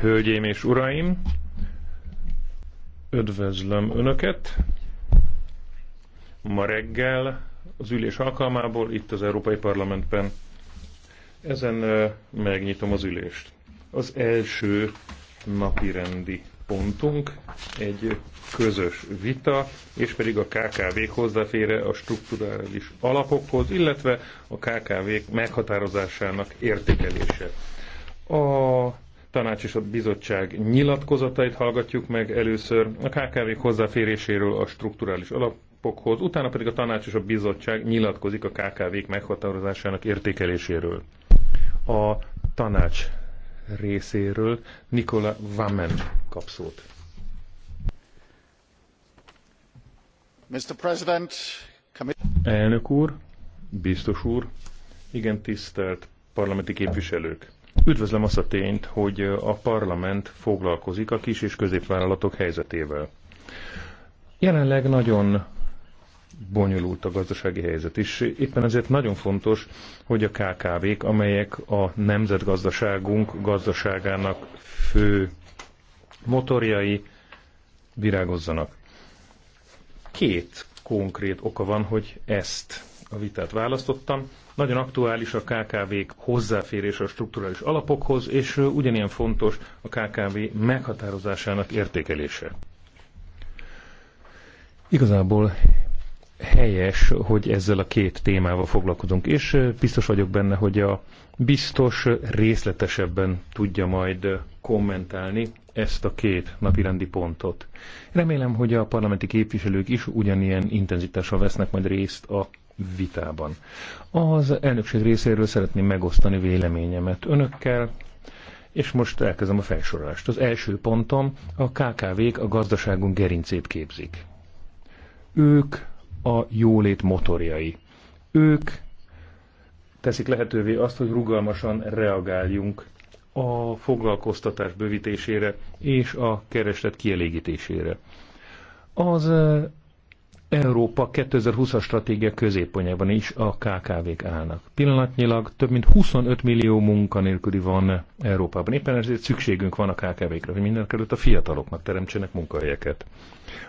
Hölgyeim és uraim, Ödvözlöm Önöket ma reggel az ülés alkalmából itt az Európai Parlamentben. Ezen megnyitom az ülést. Az első napirendi pontunk egy közös vita, és pedig a kkv hozzáfére a strukturális alapokhoz, illetve a KKV-k meghatározásának értékelése. A tanács és a bizottság nyilatkozatait hallgatjuk meg először a kkv hozzáféréséről a strukturális alapokhoz, utána pedig a tanács és a bizottság nyilatkozik a KKV-k meghatározásának értékeléséről. A tanács részéről Nikola Vamen kap szót. Mr. President, Elnök úr, biztos úr, igen tisztelt parlamenti képviselők! Üdvözlöm azt a tényt, hogy a parlament foglalkozik a kis és középvállalatok helyzetével. Jelenleg nagyon bonyolult a gazdasági helyzet, is. éppen ezért nagyon fontos, hogy a KKV-k, amelyek a nemzetgazdaságunk gazdaságának fő motorjai virágozzanak. Két konkrét oka van, hogy ezt a vitát választottam. Nagyon aktuális a KKV-k hozzáférés a strukturális alapokhoz, és ugyanilyen fontos a KKV meghatározásának értékelése. Igazából helyes, hogy ezzel a két témával foglalkozunk, és biztos vagyok benne, hogy a biztos részletesebben tudja majd kommentálni ezt a két napirendi pontot. Remélem, hogy a parlamenti képviselők is ugyanilyen intenzitással vesznek majd részt a vitában. Az elnökség részéről szeretném megosztani véleményemet önökkel, és most elkezdem a felsorolást. Az első pontom a KKV-k a gazdaságunk gerincét képzik. Ők a jólét motorjai. Ők teszik lehetővé azt, hogy rugalmasan reagáljunk a foglalkoztatás bővítésére és a kereslet kielégítésére. Az Európa 2020-as stratégia középpontjában is a KKV-k állnak. Pillanatnyilag több mint 25 millió munkanélküli van Európában. Éppen ezért szükségünk van a kkv kre hogy mindenkelőtt a fiataloknak teremtsenek munkahelyeket.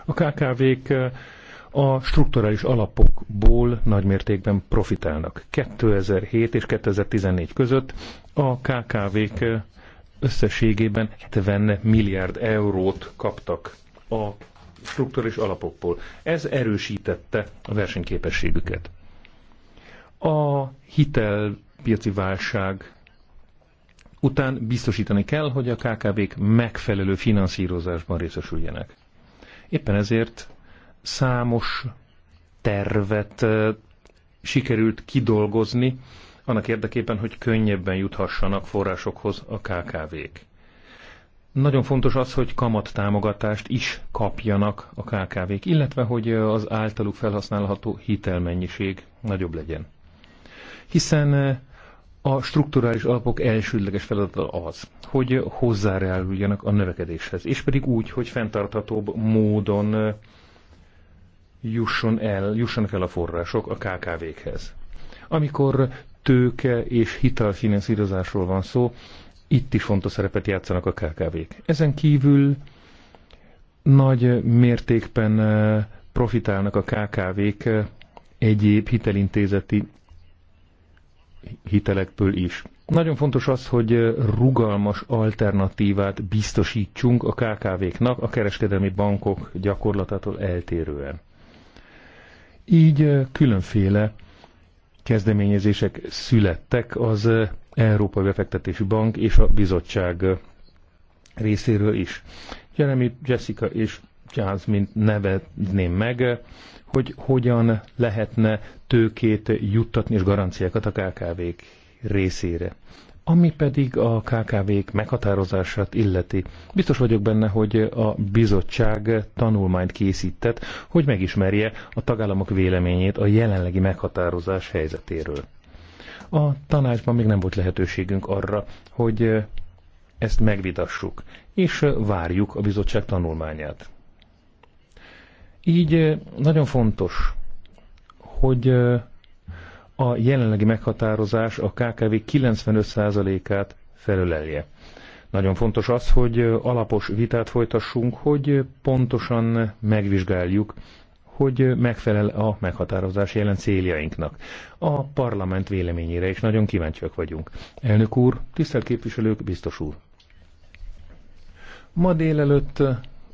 A KKV-k eh, a strukturális alapokból nagymértékben profitálnak. 2007 és 2014 között a KKV-k eh, összességében 70 milliárd eurót kaptak a strukturális alapokból. Ez erősítette a versenyképességüket. A hitelpiaci válság után biztosítani kell, hogy a KKV-k megfelelő finanszírozásban részesüljenek. Éppen ezért számos tervet eh, sikerült kidolgozni, annak érdekében, hogy könnyebben juthassanak forrásokhoz a KKV-k. Nagyon fontos az, hogy kamat támogatást is kapjanak a KKV-k, illetve hogy az általuk felhasználható hitelmennyiség nagyobb legyen. Hiszen eh, a strukturális alapok elsődleges feladata az, hogy hozzáreáluljanak a növekedéshez, és pedig úgy, hogy fenntarthatóbb módon eh, jusson el, jussanak el a források a KKV-khez. Amikor tőke és hitelfinanszírozásról van szó, itt is fontos szerepet játszanak a KKV-k. Ezen kívül nagy mértékben profitálnak a KKV-k egyéb hitelintézeti hitelekből is. Nagyon fontos az, hogy rugalmas alternatívát biztosítsunk a KKV-knak a kereskedelmi bankok gyakorlatától eltérően. Így különféle kezdeményezések születtek az Európai Befektetési Bank és a bizottság részéről is. Jeremy, Jessica és Jasmine nevezném meg, hogy hogyan lehetne tőkét juttatni és garanciákat a KKV-k részére. Ami pedig a KKV-k meghatározását illeti. Biztos vagyok benne, hogy a bizottság tanulmányt készített, hogy megismerje a tagállamok véleményét a jelenlegi meghatározás helyzetéről. A tanácsban még nem volt lehetőségünk arra, hogy eh, ezt megvitassuk, és eh, várjuk a bizottság tanulmányát. Így eh, nagyon fontos, hogy a jelenlegi meghatározás a KKV 95%-át felölelje. Nagyon fontos az, hogy alapos vitát folytassunk, hogy pontosan megvizsgáljuk hogy megfelel a meghatározás jelen céljainknak. A parlament véleményére is nagyon kíváncsiak vagyunk. Elnök úr, tisztelt képviselők, biztos úr! Ma délelőtt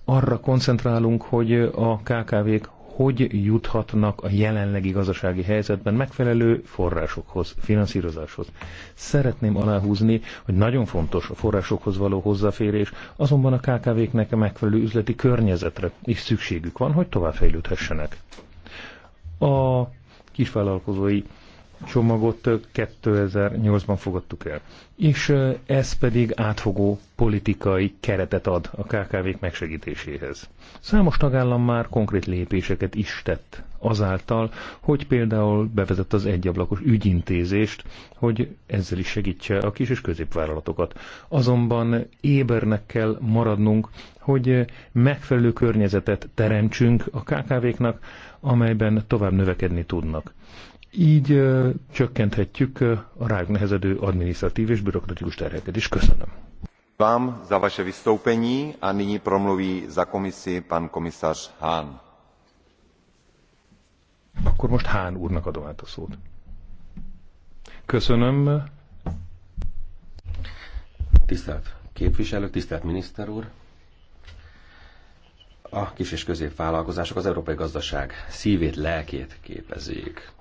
arra koncentrálunk, hogy a KKV-k hogy juthatnak a jelenlegi gazdasági helyzetben megfelelő forrásokhoz, finanszírozáshoz. Szeretném aláhúzni, hogy nagyon fontos a forrásokhoz való hozzáférés, azonban a KKV-knek a megfelelő üzleti környezetre is szükségük van, hogy továbbfejlődhessenek. A kisvállalkozói csomagot 2008-ban fogadtuk el. És ez pedig átfogó politikai keretet ad a KKV-k megsegítéséhez. Számos tagállam már konkrét lépéseket is tett azáltal, hogy például bevezett az egyablakos ügyintézést, hogy ezzel is segítse a kis és középvállalatokat. Azonban ébernek kell maradnunk, hogy megfelelő környezetet teremtsünk a KKV-knak, amelyben tovább növekedni tudnak. Így csökkenthetjük a rájuk nehezedő administratív és bürokratikus terheket is. Köszönöm. Vám za vaše vystoupení a nyní promluví za komisi pan komisař Hán. Akkor most Hán úrnak adom át a szót. Köszönöm. Tisztelt képviselők, tisztelt miniszter úr! A kis és középvállalkozások az európai gazdaság szívét, lelkét képezik.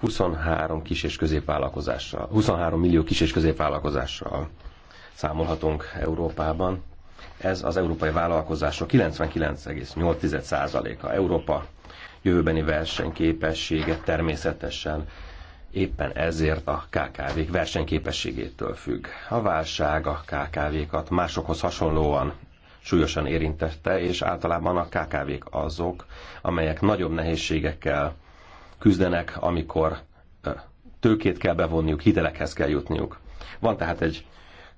23 kis és középvállalkozással, 23 millió kis és középvállalkozással számolhatunk Európában. Ez az európai vállalkozások 99,8%-a. Európa jövőbeni versenyképessége természetesen éppen ezért a KKV-k versenyképességétől függ. A válság a KKV-kat másokhoz hasonlóan súlyosan érintette, és általában a KKV-k azok, amelyek nagyobb nehézségekkel küzdenek, amikor tőkét kell bevonniuk, hitelekhez kell jutniuk. Van tehát egy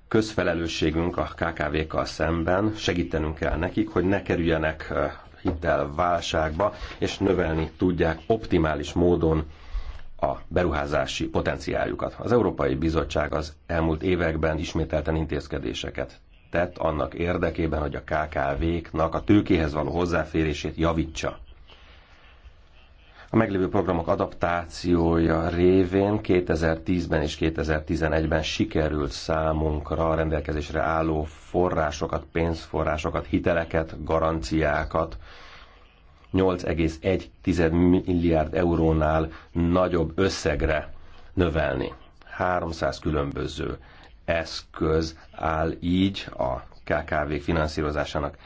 közfelelősségünk a KKV-kkal szemben, segítenünk kell nekik, hogy ne kerüljenek hitelválságba, és növelni tudják optimális módon a beruházási potenciáljukat. Az Európai Bizottság az elmúlt években ismételten intézkedéseket tett annak érdekében, hogy a KKV-knak a tőkéhez való hozzáférését javítsa. A meglévő programok adaptációja révén 2010-ben és 2011-ben sikerült számunkra a rendelkezésre álló forrásokat, pénzforrásokat, hiteleket, garanciákat 8,1 milliárd eurónál nagyobb összegre növelni. 300 különböző eszköz áll így a kkv finanszírozásának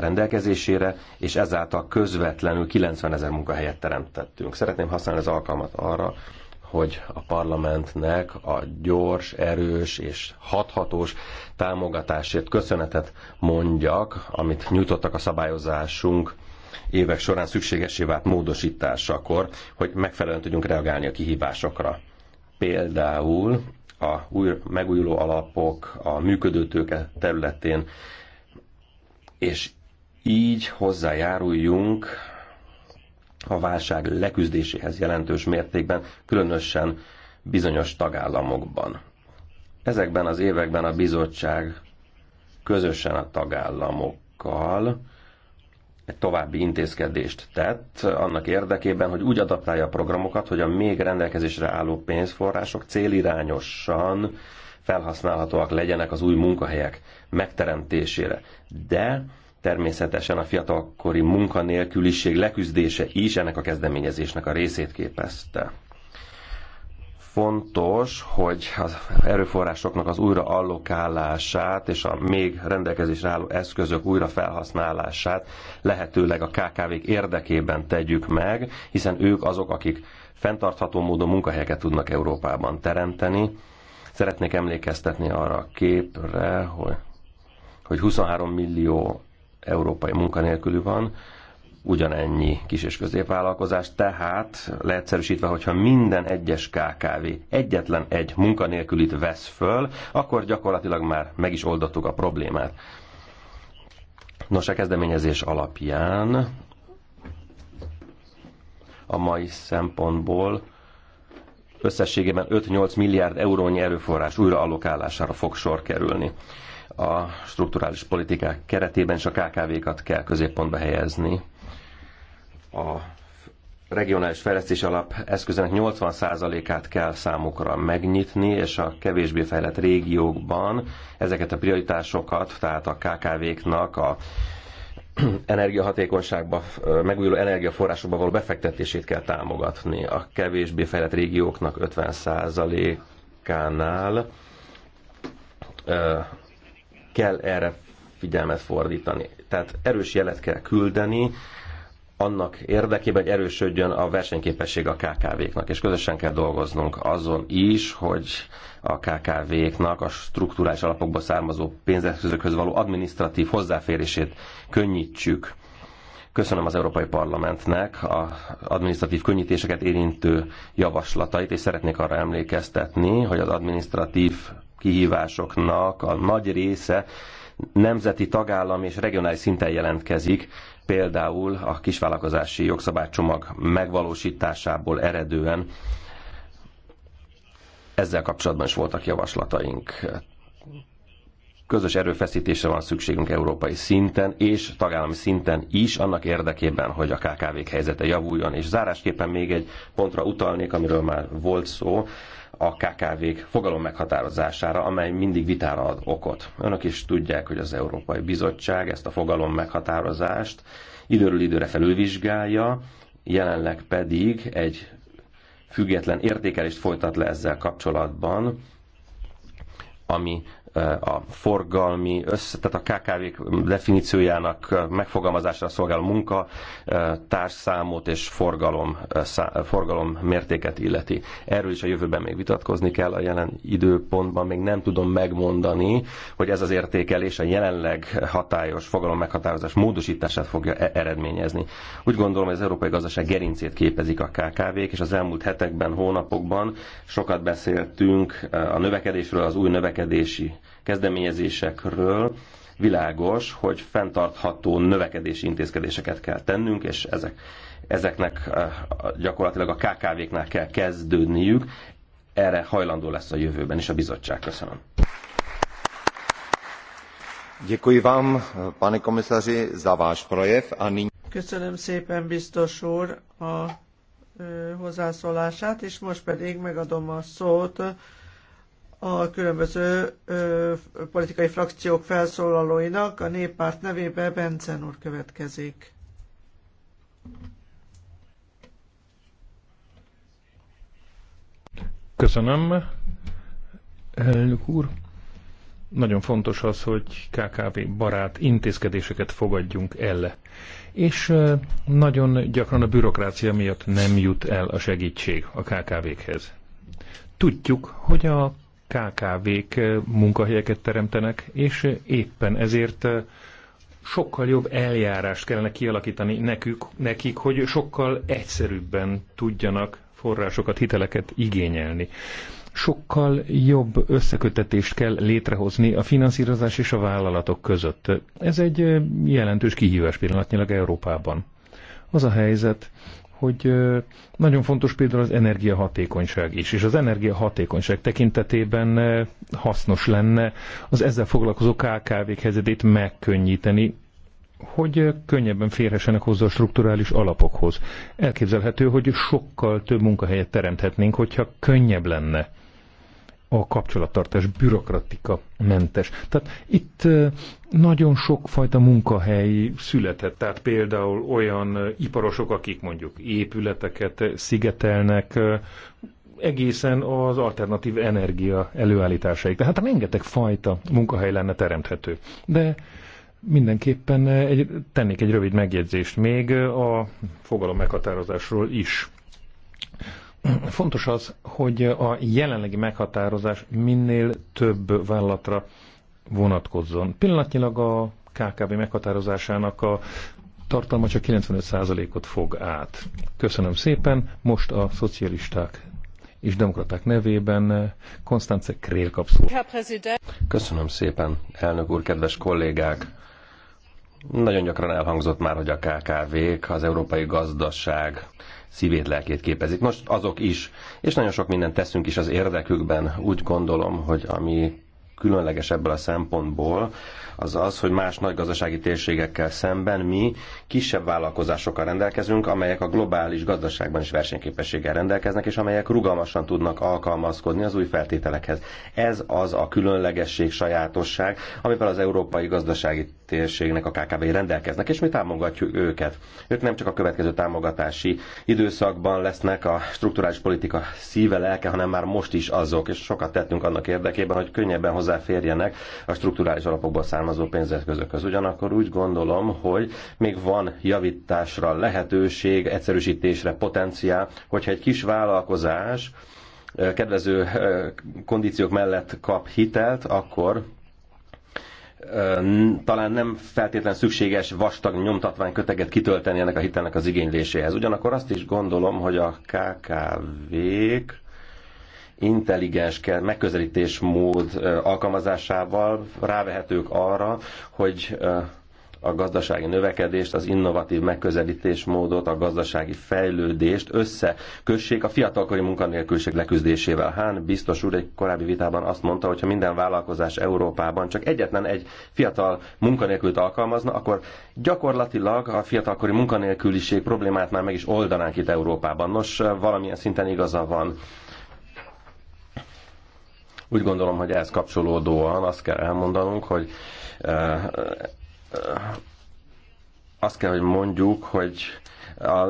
rendelkezésére, és ezáltal közvetlenül 90 ezer munkahelyet teremtettünk. Szeretném használni az alkalmat arra, hogy a parlamentnek a gyors, erős és hathatós támogatásért köszönetet mondjak, amit nyújtottak a szabályozásunk évek során szükségesé vált módosításakor, hogy megfelelően tudjunk reagálni a kihívásokra. Például a új, megújuló alapok a működőtőke területén és így hozzájáruljunk a válság leküzdéséhez jelentős mértékben, különösen bizonyos tagállamokban. Ezekben az években a bizottság közösen a tagállamokkal egy további intézkedést tett annak érdekében, hogy úgy adaptálja a programokat, hogy a még rendelkezésre álló pénzforrások célirányosan felhasználhatóak legyenek az új munkahelyek megteremtésére. De természetesen a fiatalkori munkanélküliség leküzdése is ennek a kezdeményezésnek a részét képezte fontos, hogy az erőforrásoknak az újraallokálását és a még rendelkezésre álló eszközök újrafelhasználását lehetőleg a KKV-k érdekében tegyük meg, hiszen ők azok, akik fenntartható módon munkahelyeket tudnak Európában teremteni, Szeretnék emlékeztetni arra a képre, hogy, hogy 23 millió európai munkanélkülű van, ugyanennyi kis és középvállalkozás, tehát leegyszerűsítve, hogyha minden egyes KKV egyetlen egy munkanélkülit vesz föl, akkor gyakorlatilag már meg is oldottuk a problémát. Nos, a kezdeményezés alapján a mai szempontból összességében 5-8 milliárd eurónyi erőforrás újraallokálására fog sor kerülni. A strukturális politikák keretében is a KKV-kat kell középpontba helyezni. A regionális fejlesztés alap eszközének 80%-át kell számukra megnyitni, és a kevésbé fejlett régiókban ezeket a prioritásokat, tehát a KKV-knak a energiahatékonyságba, megújuló energiaforrásokba való befektetését kell támogatni. A kevésbé fejlett régióknak 50%-ánál kell erre figyelmet fordítani. Tehát erős jelet kell küldeni, annak érdekében, hogy erősödjön a versenyképesség a KKV-knak, és közösen kell dolgoznunk azon is, hogy a KKV-knak a strukturális alapokból származó pénzeszközökhöz való administratív hozzáférését könnyítsük. Köszönöm az Európai Parlamentnek a administratív könnyítéseket érintő javaslatait, és szeretnék arra emlékeztetni, hogy az administratív kihívásoknak a nagy része nemzeti, tagállami és regionális szinten jelentkezik, például a kisvállalkozási jogszabálycsomag megvalósításából eredően ezzel kapcsolatban is voltak javaslataink közös erőfeszítésre van szükségünk európai szinten és tagállami szinten is, annak érdekében, hogy a KKV-k helyzete javuljon. És zárásképpen még egy pontra utalnék, amiről már volt szó, a KKV-k fogalom meghatározására, amely mindig vitára ad okot. Önök is tudják, hogy az Európai Bizottság ezt a fogalom meghatározást időről időre felülvizsgálja, jelenleg pedig egy független értékelést folytat le ezzel kapcsolatban, ami a forgalmi, össze, tehát a KKV definíciójának megfogalmazásra szolgáló munka, társszámot és forgalom, szá, forgalom mértéket illeti. Erről is a jövőben még vitatkozni kell, a jelen időpontban még nem tudom megmondani, hogy ez az értékelés a jelenleg hatályos fogalom meghatározás módosítását fogja e-, eredményezni. Úgy gondolom, hogy az európai gazdaság gerincét képezik a KKV-k, és az elmúlt hetekben, hónapokban sokat beszéltünk a növekedésről, az új növekedési kezdeményezésekről világos, hogy fenntartható növekedési intézkedéseket kell tennünk, és ezek, ezeknek eh, gyakorlatilag a KKV-knál kell kezdődniük. Erre hajlandó lesz a jövőben is a bizottság. Köszönöm. Köszönöm szépen, biztos úr, a hozzászólását, és most pedig megadom a szót a különböző ö, politikai frakciók felszólalóinak. A néppárt nevébe Bencen úr következik. Köszönöm, elnök úr. Nagyon fontos az, hogy KKV barát intézkedéseket fogadjunk el. És nagyon gyakran a bürokrácia miatt nem jut el a segítség a KKV-khez. Tudjuk, hogy a KKV-k eh, munkahelyeket teremtenek, és eh, éppen ezért eh, sokkal jobb eljárást kellene kialakítani nekük, nekik, hogy sokkal egyszerűbben tudjanak forrásokat, hiteleket igényelni. Sokkal jobb összekötetést kell létrehozni a finanszírozás és a vállalatok között. Ez egy jelentős kihívás pillanatnyilag Európában. Az a helyzet, hogy nagyon fontos például az energiahatékonyság is, és az energiahatékonyság tekintetében hasznos lenne az ezzel foglalkozó KKV-k helyzetét megkönnyíteni, hogy könnyebben férhessenek hozzá a strukturális alapokhoz. Elképzelhető, hogy sokkal több munkahelyet teremthetnénk, hogyha könnyebb lenne a kapcsolattartás bürokratika mentes. Tehát itt nagyon sokfajta munkahely született, tehát például olyan iparosok, akik mondjuk épületeket szigetelnek, egészen az alternatív energia előállításaik. Tehát rengeteg fajta munkahely lenne teremthető. De mindenképpen egy, tennék egy rövid megjegyzést még a fogalom meghatározásról is. Fontos az, hogy a jelenlegi meghatározás minél több vállalatra vonatkozzon. Pillanatnyilag a KKV meghatározásának a tartalma csak 95%-ot fog át. Köszönöm szépen, most a szocialisták és demokraták nevében Konstance Krél kap szót. Köszönöm szépen, elnök úr, kedves kollégák! Nagyon gyakran elhangzott már, hogy a KKV-k az európai gazdaság szívét, lelkét képezik. Most azok is, és nagyon sok mindent teszünk is az érdekükben. Úgy gondolom, hogy ami különleges ebből a szempontból, az az, hogy más nagy gazdasági térségekkel szemben mi kisebb vállalkozásokkal rendelkezünk, amelyek a globális gazdaságban is versenyképességgel rendelkeznek, és amelyek rugalmasan tudnak alkalmazkodni az új feltételekhez. Ez az a különlegesség, sajátosság, amivel az európai gazdasági térségnek a kkv rendelkeznek, és mi támogatjuk őket. Ők nem csak a következő támogatási időszakban lesznek a strukturális politika szíve, lelke, hanem már most is azok, és sokat tettünk annak érdekében, hogy könnyebben hozzáférjenek a strukturális alapokból származó pénzeszközökhöz. Ugyanakkor úgy gondolom, hogy még van javításra lehetőség, egyszerűsítésre potenciál, hogyha egy kis vállalkozás eh, kedvező eh, kondíciók mellett kap hitelt, akkor talán nem feltétlen szükséges vastag nyomtatvány köteget kitölteni ennek a hitelnek az igényléséhez. Ugyanakkor azt is gondolom, hogy a KKV-k intelligens mód alkalmazásával rávehetők arra, hogy a gazdasági növekedést, az innovatív megközelítésmódot, a gazdasági fejlődést összekössék a fiatalkori munkanélküliség leküzdésével. Hán biztos úr egy korábbi vitában azt mondta, hogy ha minden vállalkozás Európában csak egyetlen egy fiatal munkanélkült alkalmazna, akkor gyakorlatilag a fiatalkori munkanélküliség problémát már meg is oldanánk itt Európában. Nos, valamilyen szinten igaza van. Úgy gondolom, hogy ehhez kapcsolódóan azt kell elmondanunk, hogy eh, azt kell, hogy mondjuk, hogy a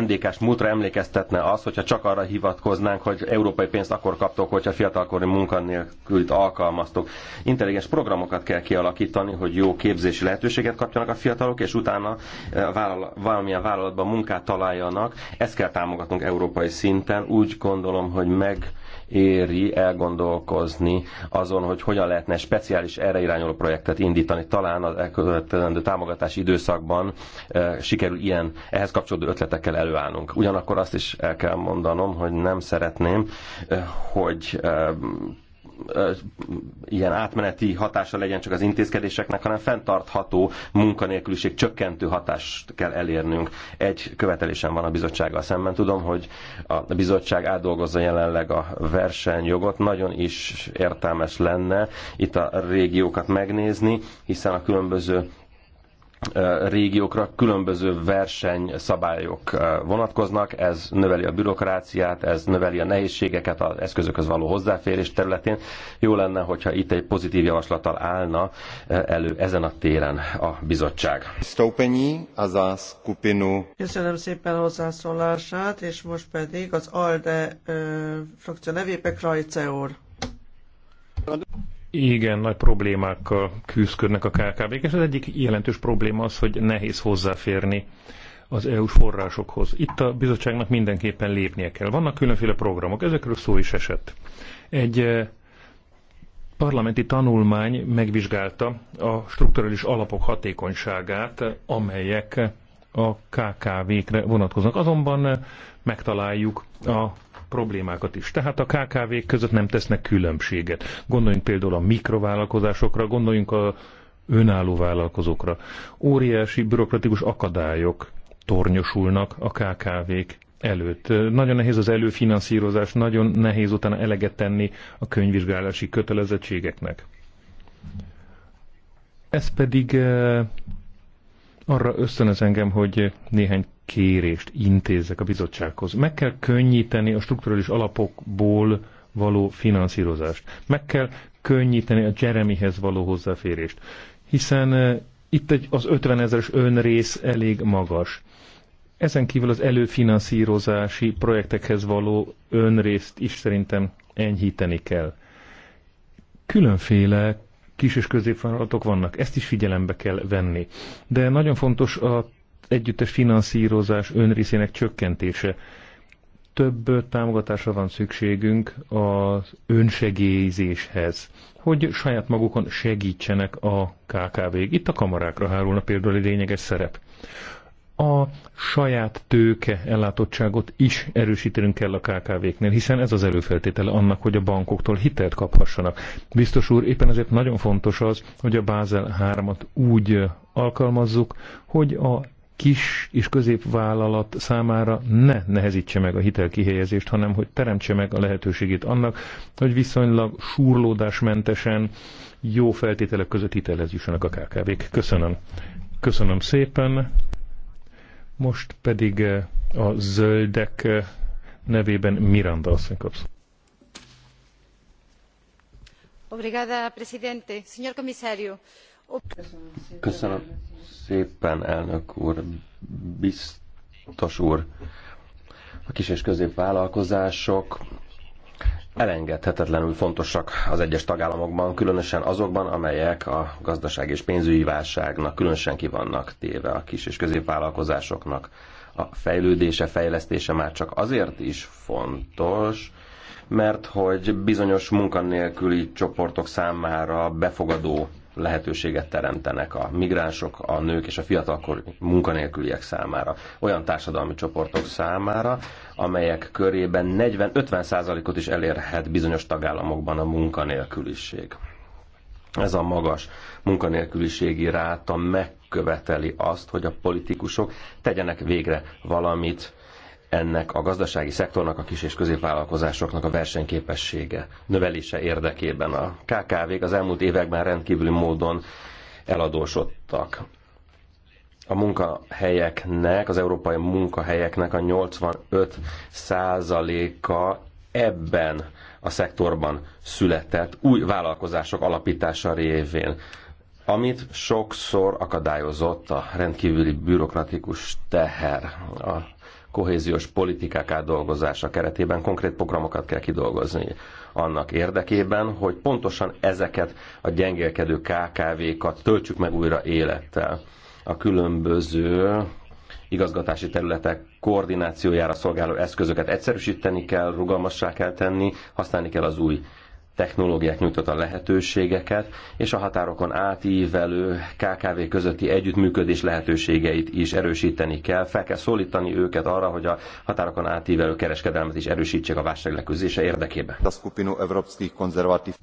NDK-s múltra emlékeztetne az, hogyha csak arra hivatkoznánk, hogy európai pénzt akkor kaptok, hogyha fiatalkori munkanélkült alkalmaztok. Intelligens programokat kell kialakítani, hogy jó képzési lehetőséget kapjanak a fiatalok, és utána vállal, valamilyen vállalatban munkát találjanak. Ezt kell támogatnunk európai szinten. Úgy gondolom, hogy meg éri elgondolkozni azon, hogy hogyan lehetne speciális erre irányuló projektet indítani. Talán az elkövetkezendő támogatási időszakban eh, sikerül ilyen ehhez kapcsolódó ötletekkel előállnunk. Ugyanakkor azt is el kell mondanom, hogy nem szeretném, eh, hogy eh, ilyen átmeneti hatása legyen csak az intézkedéseknek, hanem fenntartható munkanélküliség csökkentő hatást kell elérnünk. Egy követelésem van a bizottsággal szemben. Tudom, hogy a bizottság átdolgozza jelenleg a versenyjogot. Nagyon is értelmes lenne itt a régiókat megnézni, hiszen a különböző régiókra különböző versenyszabályok vonatkoznak, ez növeli a bürokráciát, ez növeli a nehézségeket az eszközökhöz való hozzáférés területén. Jó lenne, hogyha itt egy pozitív javaslattal állna elő ezen a téren a bizottság. azaz kupinu. Köszönöm szépen hozzászólását, és most pedig az ALDE frakció nevében Krajce úr igen nagy problémákkal küzdködnek a KKV-k, és az egyik jelentős probléma az, hogy nehéz hozzáférni az EU-s forrásokhoz. Itt a bizottságnak mindenképpen lépnie kell. Vannak különféle programok, ezekről szó is esett. Egy eh, parlamenti tanulmány megvizsgálta a strukturális alapok hatékonyságát, amelyek a KKV-kre vonatkoznak. Azonban eh, megtaláljuk a problémákat is. Tehát a KKV-k között nem tesznek különbséget. Gondoljunk például a mikrovállalkozásokra, gondoljunk a önálló vállalkozókra. Óriási bürokratikus akadályok tornyosulnak a KKV-k előtt. Nagyon nehéz az előfinanszírozás, nagyon nehéz utána eleget tenni a könyvvizsgálási kötelezettségeknek. Ez pedig eh, arra ösztönöz engem, hogy néhány kérést intézzek a bizottsághoz. Meg kell könnyíteni a strukturális alapokból való finanszírozást. Meg kell könnyíteni a Jeremyhez való hozzáférést. Hiszen eh, itt egy, az 50 ezeres önrész elég magas. Ezen kívül az előfinanszírozási projektekhez való önrészt is szerintem enyhíteni kell. Különféle kis és középvállalatok vannak, ezt is figyelembe kell venni. De nagyon fontos a együttes finanszírozás önrészének csökkentése. Több támogatásra van szükségünk az önsegélyzéshez, hogy saját magukon segítsenek a KKV-k. Itt a kamarákra hárulna például egy lényeges szerep. A saját tőke ellátottságot is erősítenünk kell a KKV-knél, hiszen ez az előfeltétele annak, hogy a bankoktól hitelt kaphassanak. Biztos úr, éppen ezért nagyon fontos az, hogy a Bázel 3-at úgy alkalmazzuk, hogy a kis és középvállalat számára ne nehezítse meg a hitelkihelyezést, hanem hogy teremtse meg a lehetőségét annak, hogy viszonylag súrlódásmentesen jó feltételek között hitelhez a KKV-k. Köszönöm. Köszönöm szépen. Most pedig eh, a zöldek eh, nevében Miranda asszony kapsz. Obrigada, presidente. Señor comisario, Köszönöm szépen, elnök úr, biztos úr. A kis és középvállalkozások elengedhetetlenül fontosak az egyes tagállamokban, különösen azokban, amelyek a gazdaság és pénzügyi válságnak különösen ki vannak téve a kis és középvállalkozásoknak. A fejlődése, fejlesztése már csak azért is fontos, mert hogy bizonyos munkanélküli csoportok számára befogadó lehetőséget teremtenek a migránsok, a nők és a fiatalkor munkanélküliek számára. Olyan társadalmi csoportok számára, amelyek körében 40-50%-ot is elérhet bizonyos tagállamokban a munkanélküliség. Ez a magas munkanélküliségi ráta megköveteli azt, hogy a politikusok tegyenek végre valamit ennek a gazdasági szektornak, a kis- és középvállalkozásoknak a versenyképessége növelése érdekében. A KKV-k az elmúlt években rendkívüli módon eladósodtak. A munkahelyeknek, az európai munkahelyeknek a 85 százaléka ebben a szektorban született új vállalkozások alapítása révén amit sokszor akadályozott a rendkívüli bürokratikus teher. A kohéziós politikák átdolgozása keretében konkrét programokat kell kidolgozni annak érdekében, hogy pontosan ezeket a gyengélkedő KKV-kat töltsük meg újra élettel. A különböző igazgatási területek koordinációjára szolgáló eszközöket egyszerűsíteni kell, rugalmassá kell tenni, használni kell az új technológiák nyújtott a lehetőségeket, és a határokon átívelő KKV közötti együttműködés lehetőségeit is erősíteni kell. Fel kell szólítani őket arra, hogy a határokon átívelő kereskedelmet is erősítsék a válság leküzdése érdekében.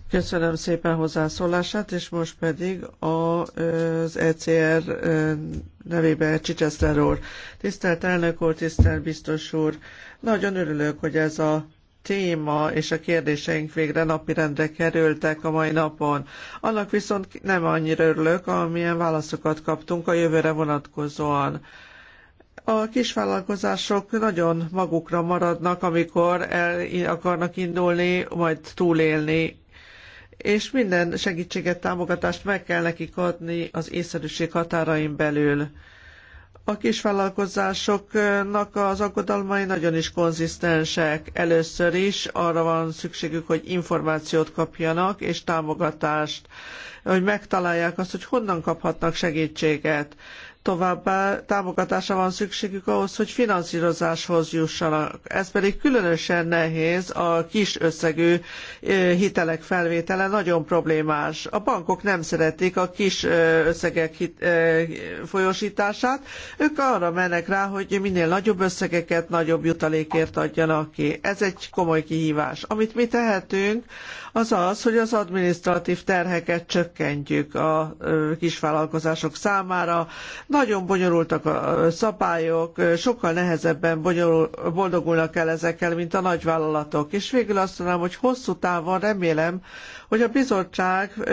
Köszönöm szépen hozzászólását, és most pedig az ECR nevében Csicseszter úr. Tisztelt elnök úr, tisztelt biztos úr, nagyon örülök, hogy ez a téma és a kérdéseink végre napirendre kerültek a mai napon. Annak viszont nem annyira örülök, amilyen válaszokat kaptunk a jövőre vonatkozóan. A kisvállalkozások nagyon magukra maradnak, amikor el akarnak indulni, majd túlélni, és minden segítséget, támogatást meg kell nekik adni az észszerűség határain belül a kisvállalkozásoknak az aggodalmai nagyon is konzisztensek. Először is arra van szükségük, hogy információt kapjanak és támogatást, hogy megtalálják azt, hogy honnan kaphatnak segítséget továbbá támogatásra van szükségük ahhoz, hogy finanszírozáshoz jussanak. Ez pedig különösen nehéz, a kis összegű hitelek felvétele nagyon problémás. A bankok nem szeretik a kis összegek folyosítását, ők arra mennek rá, hogy minél nagyobb összegeket nagyobb jutalékért adjanak ki. Ez egy komoly kihívás. Amit mi tehetünk, az az, hogy az administratív terheket csökkentjük a kisvállalkozások számára. Nagyon bonyolultak a szabályok, sokkal nehezebben bonyolul, boldogulnak el ezekkel, mint a nagyvállalatok. És végül azt mondanám, hogy hosszú távon remélem, hogy a bizottság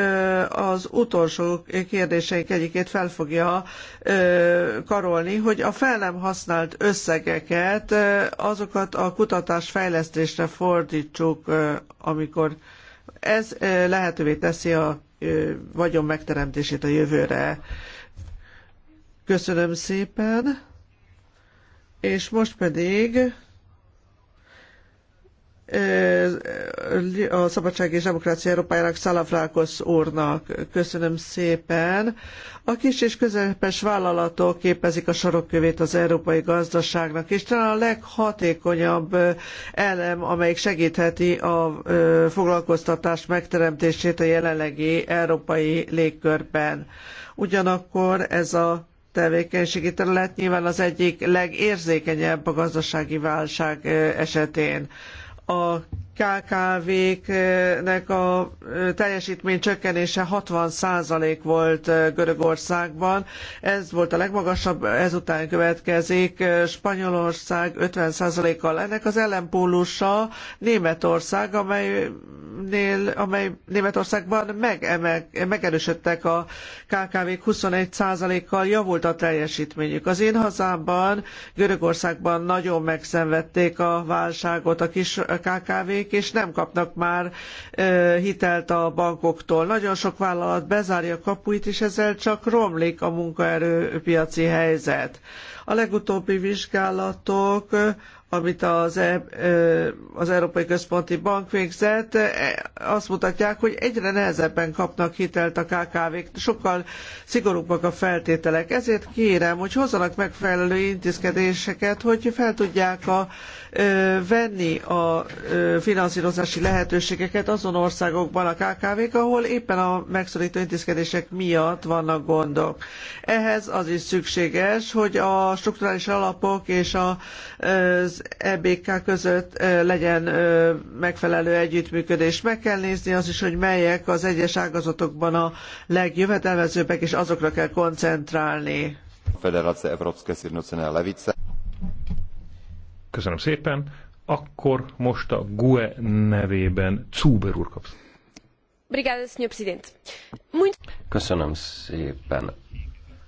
az utolsó kérdéseink egyikét fel fogja karolni, hogy a fel nem használt összegeket azokat a kutatás fejlesztésre fordítsuk, amikor ez lehetővé teszi a vagyon megteremtését a jövőre. Köszönöm szépen, és most pedig a Szabadság és Demokrácia Európájának Szalafrákos úrnak. Köszönöm szépen. A kis és közepes vállalatok képezik a sarokkövét az európai gazdaságnak, és talán a leghatékonyabb elem, amelyik segítheti a foglalkoztatás megteremtését a jelenlegi európai légkörben. Ugyanakkor ez a tevékenységi terület nyilván az egyik legérzékenyebb a gazdasági válság esetén a KKV-knek a teljesítmény csökkenése 60% volt Görögországban. Ez volt a legmagasabb, ezután következik Spanyolország 50%-kal. Ennek az ellenpólusa Németország, amelynél, amely Németországban megerősödtek a KKV-k 21%-kal, javult a teljesítményük. Az én hazámban, Görögországban nagyon megszenvedték a válságot a kis KKV-k, megszűnik, és nem kapnak már hitelt a bankoktól. Nagyon sok vállalat bezárja kapuit, és ezzel csak romlik a munkaerőpiaci helyzet. A legutóbbi vizsgálatok amit az, e- az Európai Központi Bank végzett, e, azt mutatják, hogy egyre nehezebben kapnak hitelt a KKV-k, sokkal szigorúbbak a feltételek. Ezért kérem, hogy hozzanak megfelelő intézkedéseket, hogy fel tudják a, venni a finanszírozási lehetőségeket azon országokban a KKV-k, ahol éppen a megszorító intézkedések miatt vannak gondok. Ehhez az is szükséges, hogy a strukturális alapok és a az az e EBK között legyen megfelelő együttműködés. Meg kell nézni az is, hogy melyek az egyes ágazatokban a legjövedelmezőbbek, és azokra kell koncentrálni. Federáció Európske Szirnocene Levice. Köszönöm szépen. Akkor most a GUE nevében Cúber úr kapsz. Köszönöm szépen,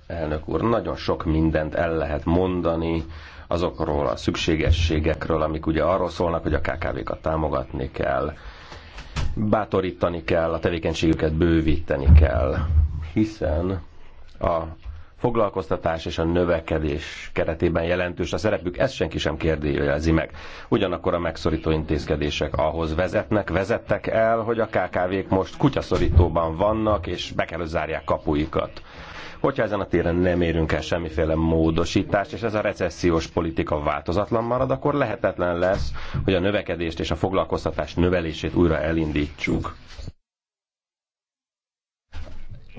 elnök úr. Nagyon sok mindent el lehet mondani azokról a szükségességekről, amik ugye arról szólnak, hogy a KKV-kat támogatni kell, bátorítani kell, a tevékenységüket bővíteni kell, hiszen a foglalkoztatás és a növekedés keretében jelentős a szerepük, ezt senki sem kérdőjelezi meg. Ugyanakkor a megszorító intézkedések ahhoz vezetnek, vezettek el, hogy a KKV-k most kutyaszorítóban vannak, és be kell, zárják kapuikat. Hogyha ezen a téren nem érünk el semmiféle módosítást, és ez a recessziós politika változatlan marad, akkor lehetetlen lesz, hogy a növekedést és a foglalkoztatás növelését újra elindítsuk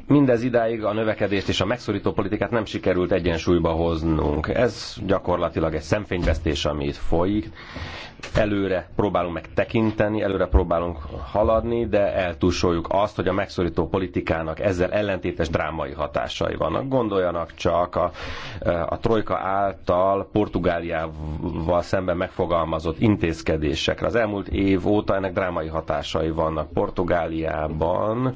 mindez idáig a növekedést és a megszorító politikát nem sikerült egyensúlyba hoznunk. Ez gyakorlatilag egy szemfényvesztés, ami itt folyik. Előre próbálunk megtekinteni, előre próbálunk haladni, de eltúsoljuk azt, hogy a megszorító politikának ezzel ellentétes drámai hatásai vannak. Gondoljanak csak a, a Trojka által Portugáliával szemben megfogalmazott intézkedésekre. Az elmúlt év óta ennek drámai hatásai vannak Portugáliában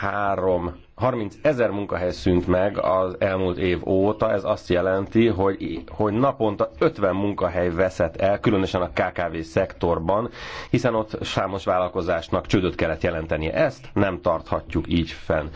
három 30 ezer munkahely szűnt meg az elmúlt év óta, ez azt jelenti, hogy, hogy naponta 50 munkahely veszett el, különösen a KKV szektorban, hiszen ott számos vállalkozásnak csődöt kellett jelentenie. Ezt nem tarthatjuk így fenn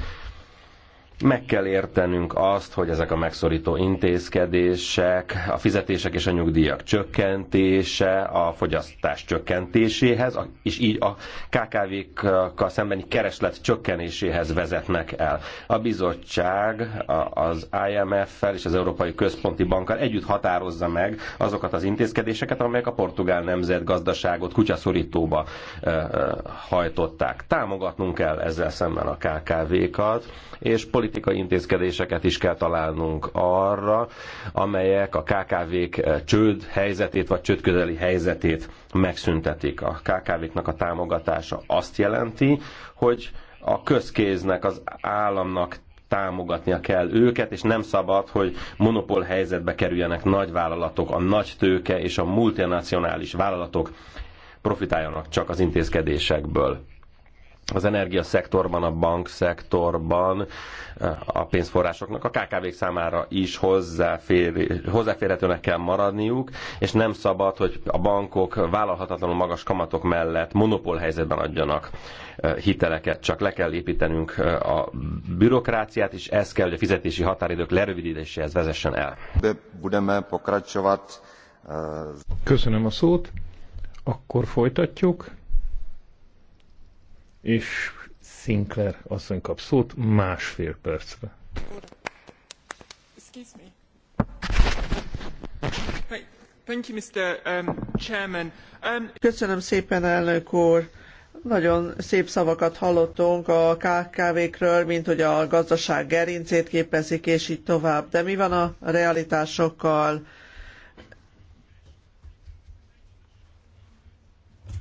meg kell értenünk azt, hogy ezek a megszorító intézkedések, a fizetések és a nyugdíjak csökkentése, a fogyasztás csökkentéséhez, és így a KKV-kkal szembeni kereslet csökkenéséhez vezetnek el. A bizottság az IMF-fel és az Európai Központi Bankkal együtt határozza meg azokat az intézkedéseket, amelyek a portugál gazdaságot kutyaszorítóba hajtották. Támogatnunk kell ezzel szemben a KKV-kat, és politikai politikai intézkedéseket is kell találnunk arra, amelyek a KKV-k eh, csőd helyzetét vagy csődközeli helyzetét megszüntetik. A KKV-knak a támogatása azt jelenti, hogy a közkéznek, az államnak támogatnia kell őket, és nem szabad, hogy monopól helyzetbe kerüljenek nagy vállalatok, a nagy tőke és a multinacionális vállalatok profitáljanak csak az intézkedésekből az energiaszektorban, a bankszektorban a pénzforrásoknak a kkv számára is hozzáfér, hozzáférhetőnek kell maradniuk, és nem szabad, hogy a bankok vállalhatatlanul magas kamatok mellett monopól helyzetben adjanak hiteleket, csak le kell építenünk a bürokráciát, és ez kell, hogy a fizetési határidők lerövidítéséhez vezessen el. Köszönöm a szót, akkor folytatjuk és Sinclair asszony kap szót másfél percre. Um, um, Köszönöm szépen, elnök úr! Nagyon szép szavakat hallottunk a KKV-kről, mint hogy a gazdaság gerincét képezik, és így tovább. De mi van a realitásokkal?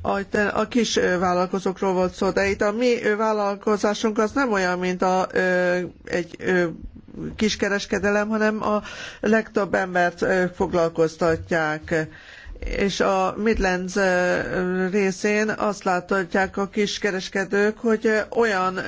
a kis vállalkozókról volt szó, de itt a mi vállalkozásunk az nem olyan, mint a, egy kiskereskedelem, hanem a legtöbb embert foglalkoztatják és a Midlands részén azt láthatják a kiskereskedők, hogy olyan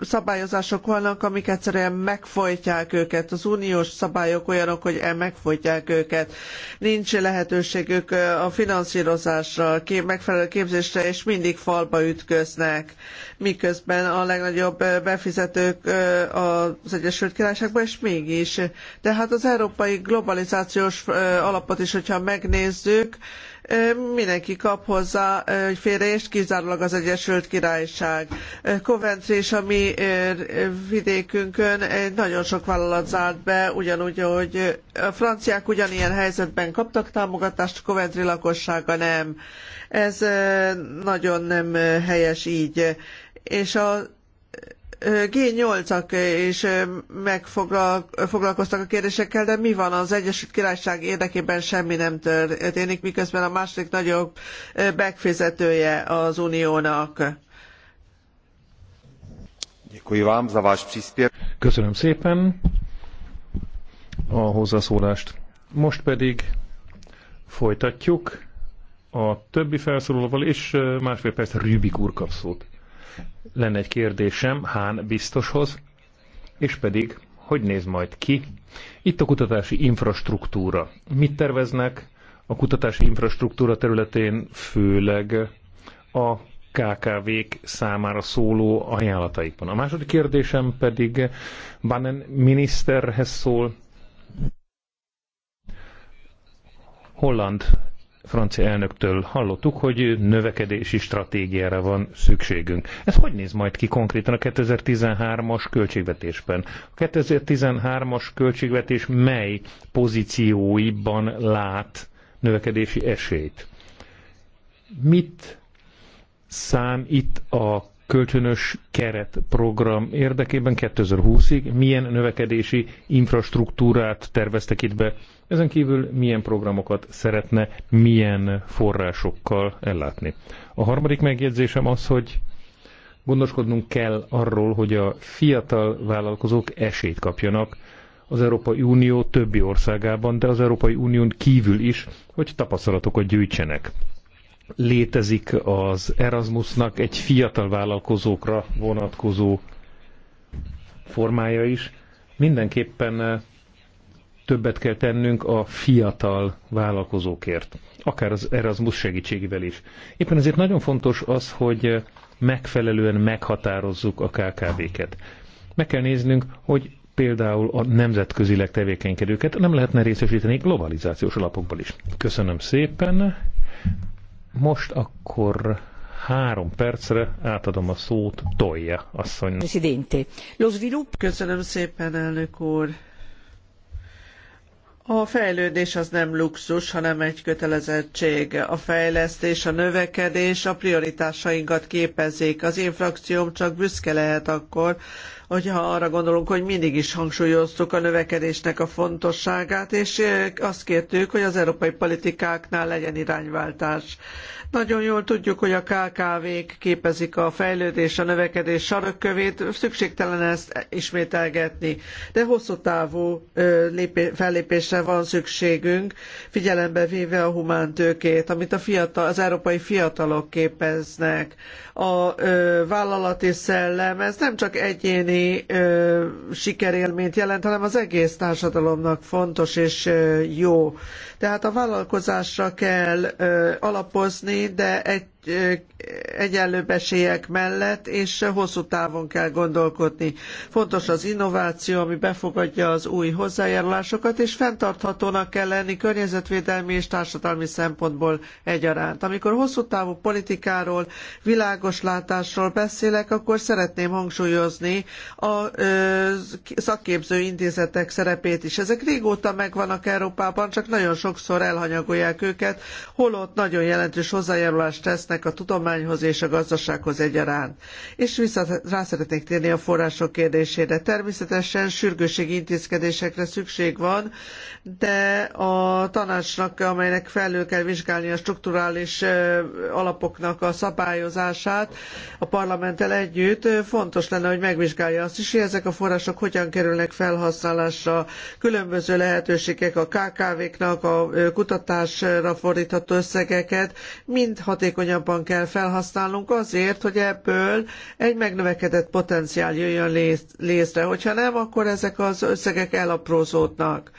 szabályozások vannak, amik egyszerűen megfojtják őket. Az uniós szabályok olyanok, hogy e megfojtják őket. Nincs lehetőségük a finanszírozásra, megfelelő képzésre, és mindig falba ütköznek. Miközben a legnagyobb befizetők az Egyesült Királyságban, és mégis. Tehát az európai globalizációs alapot is, hogyha megnézzük, mindenki kap hozzá egy férést, kizárólag az Egyesült Királyság. Coventry és a mi vidékünkön nagyon sok vállalat zárt be, ugyanúgy, hogy a franciák ugyanilyen helyzetben kaptak támogatást, Coventry lakossága nem. Ez nagyon nem helyes így. És a G8-ak is megfoglalkoztak a kérdésekkel, de mi van az Egyesült Királyság érdekében semmi nem történik, miközben a második nagyobb megfizetője az uniónak. Köszönöm szépen a hozzászólást. Most pedig folytatjuk a többi felszólalóval, és másfél perc Rübik úr kap szót lenne egy kérdésem Hán biztoshoz, és pedig, hogy néz majd ki? Itt a kutatási infrastruktúra. Mit terveznek a kutatási infrastruktúra területén, főleg a KKV-k számára szóló ajánlataikban? A második kérdésem pedig Bannen miniszterhez szól. Holland francia elnöktől hallottuk, hogy növekedési stratégiára van szükségünk. Ez hogy néz majd ki konkrétan a 2013-as költségvetésben? A 2013-as költségvetés mely pozícióiban lát növekedési esélyt? Mit szám itt a kölcsönös keretprogram érdekében 2020-ig milyen növekedési infrastruktúrát terveztek itt be, ezen kívül milyen programokat szeretne milyen forrásokkal ellátni. A harmadik megjegyzésem az, hogy gondoskodnunk kell arról, hogy a fiatal vállalkozók esélyt kapjanak az Európai Unió többi országában, de az Európai Unión kívül is, hogy tapasztalatokat gyűjtsenek létezik az Erasmusnak egy fiatal vállalkozókra vonatkozó formája is. Mindenképpen eh, többet kell tennünk a fiatal vállalkozókért, akár az Erasmus segítségével is. Éppen ezért nagyon fontos az, hogy eh, megfelelően meghatározzuk a KKV-ket. Meg kell néznünk, hogy például a nemzetközileg tevékenykedőket nem lehetne részesíteni globalizációs alapokból is. Köszönöm szépen. Most akkor három percre átadom a szót Tolja asszonynak. Presidente, lo sviluppo... Köszönöm szépen, elnök úr. A fejlődés az nem luxus, hanem egy kötelezettség. A fejlesztés, a növekedés a prioritásainkat képezik. Az én frakcióm csak büszke lehet akkor, hogyha arra gondolunk, hogy mindig is hangsúlyoztuk a növekedésnek a fontosságát, és azt kértük, hogy az európai politikáknál legyen irányváltás. Nagyon jól tudjuk, hogy a KKV-k képezik a fejlődés, a növekedés sarokkövét, szükségtelen ezt ismételgetni, de hosszú távú fellépésre van szükségünk, figyelembe véve a humántőkét, amit a fiatal, az európai fiatalok képeznek. A vállalati szellem, ez nem csak egyéni egyéni ö, sikerélményt jelent, hanem az egész társadalomnak fontos és ö, jó. Tehát a vállalkozásra kell ö, alapozni, de egy egyenlőbb esélyek mellett, és hosszú távon kell gondolkodni. Fontos az innováció, ami befogadja az új hozzájárulásokat, és fenntarthatónak kell lenni környezetvédelmi és társadalmi szempontból egyaránt. Amikor hosszú távú politikáról, világos látásról beszélek, akkor szeretném hangsúlyozni a ö, szakképző intézetek szerepét is. Ezek régóta megvannak Európában, csak nagyon sokszor elhanyagolják őket, holott nagyon jelentős hozzájárulást tesznek hozzáférhetnek a tudományhoz és a gazdasághoz egyaránt. És vissza rá szeretnék térni a források kérdésére. Természetesen sürgőségi intézkedésekre szükség van, de a tanácsnak, amelynek felül kell vizsgálni a strukturális alapoknak a szabályozását a parlamenttel együtt, fontos lenne, hogy megvizsgálja azt is, hogy ezek a források hogyan kerülnek felhasználásra, különböző lehetőségek a KKV-knak, a kutatásra fordítható összegeket, mind hatékonyabb gyakrabban kell felhasználnunk azért, hogy ebből egy megnövekedett potenciál jöjjön létre. Hogyha nem, akkor ezek az összegek elaprózódnak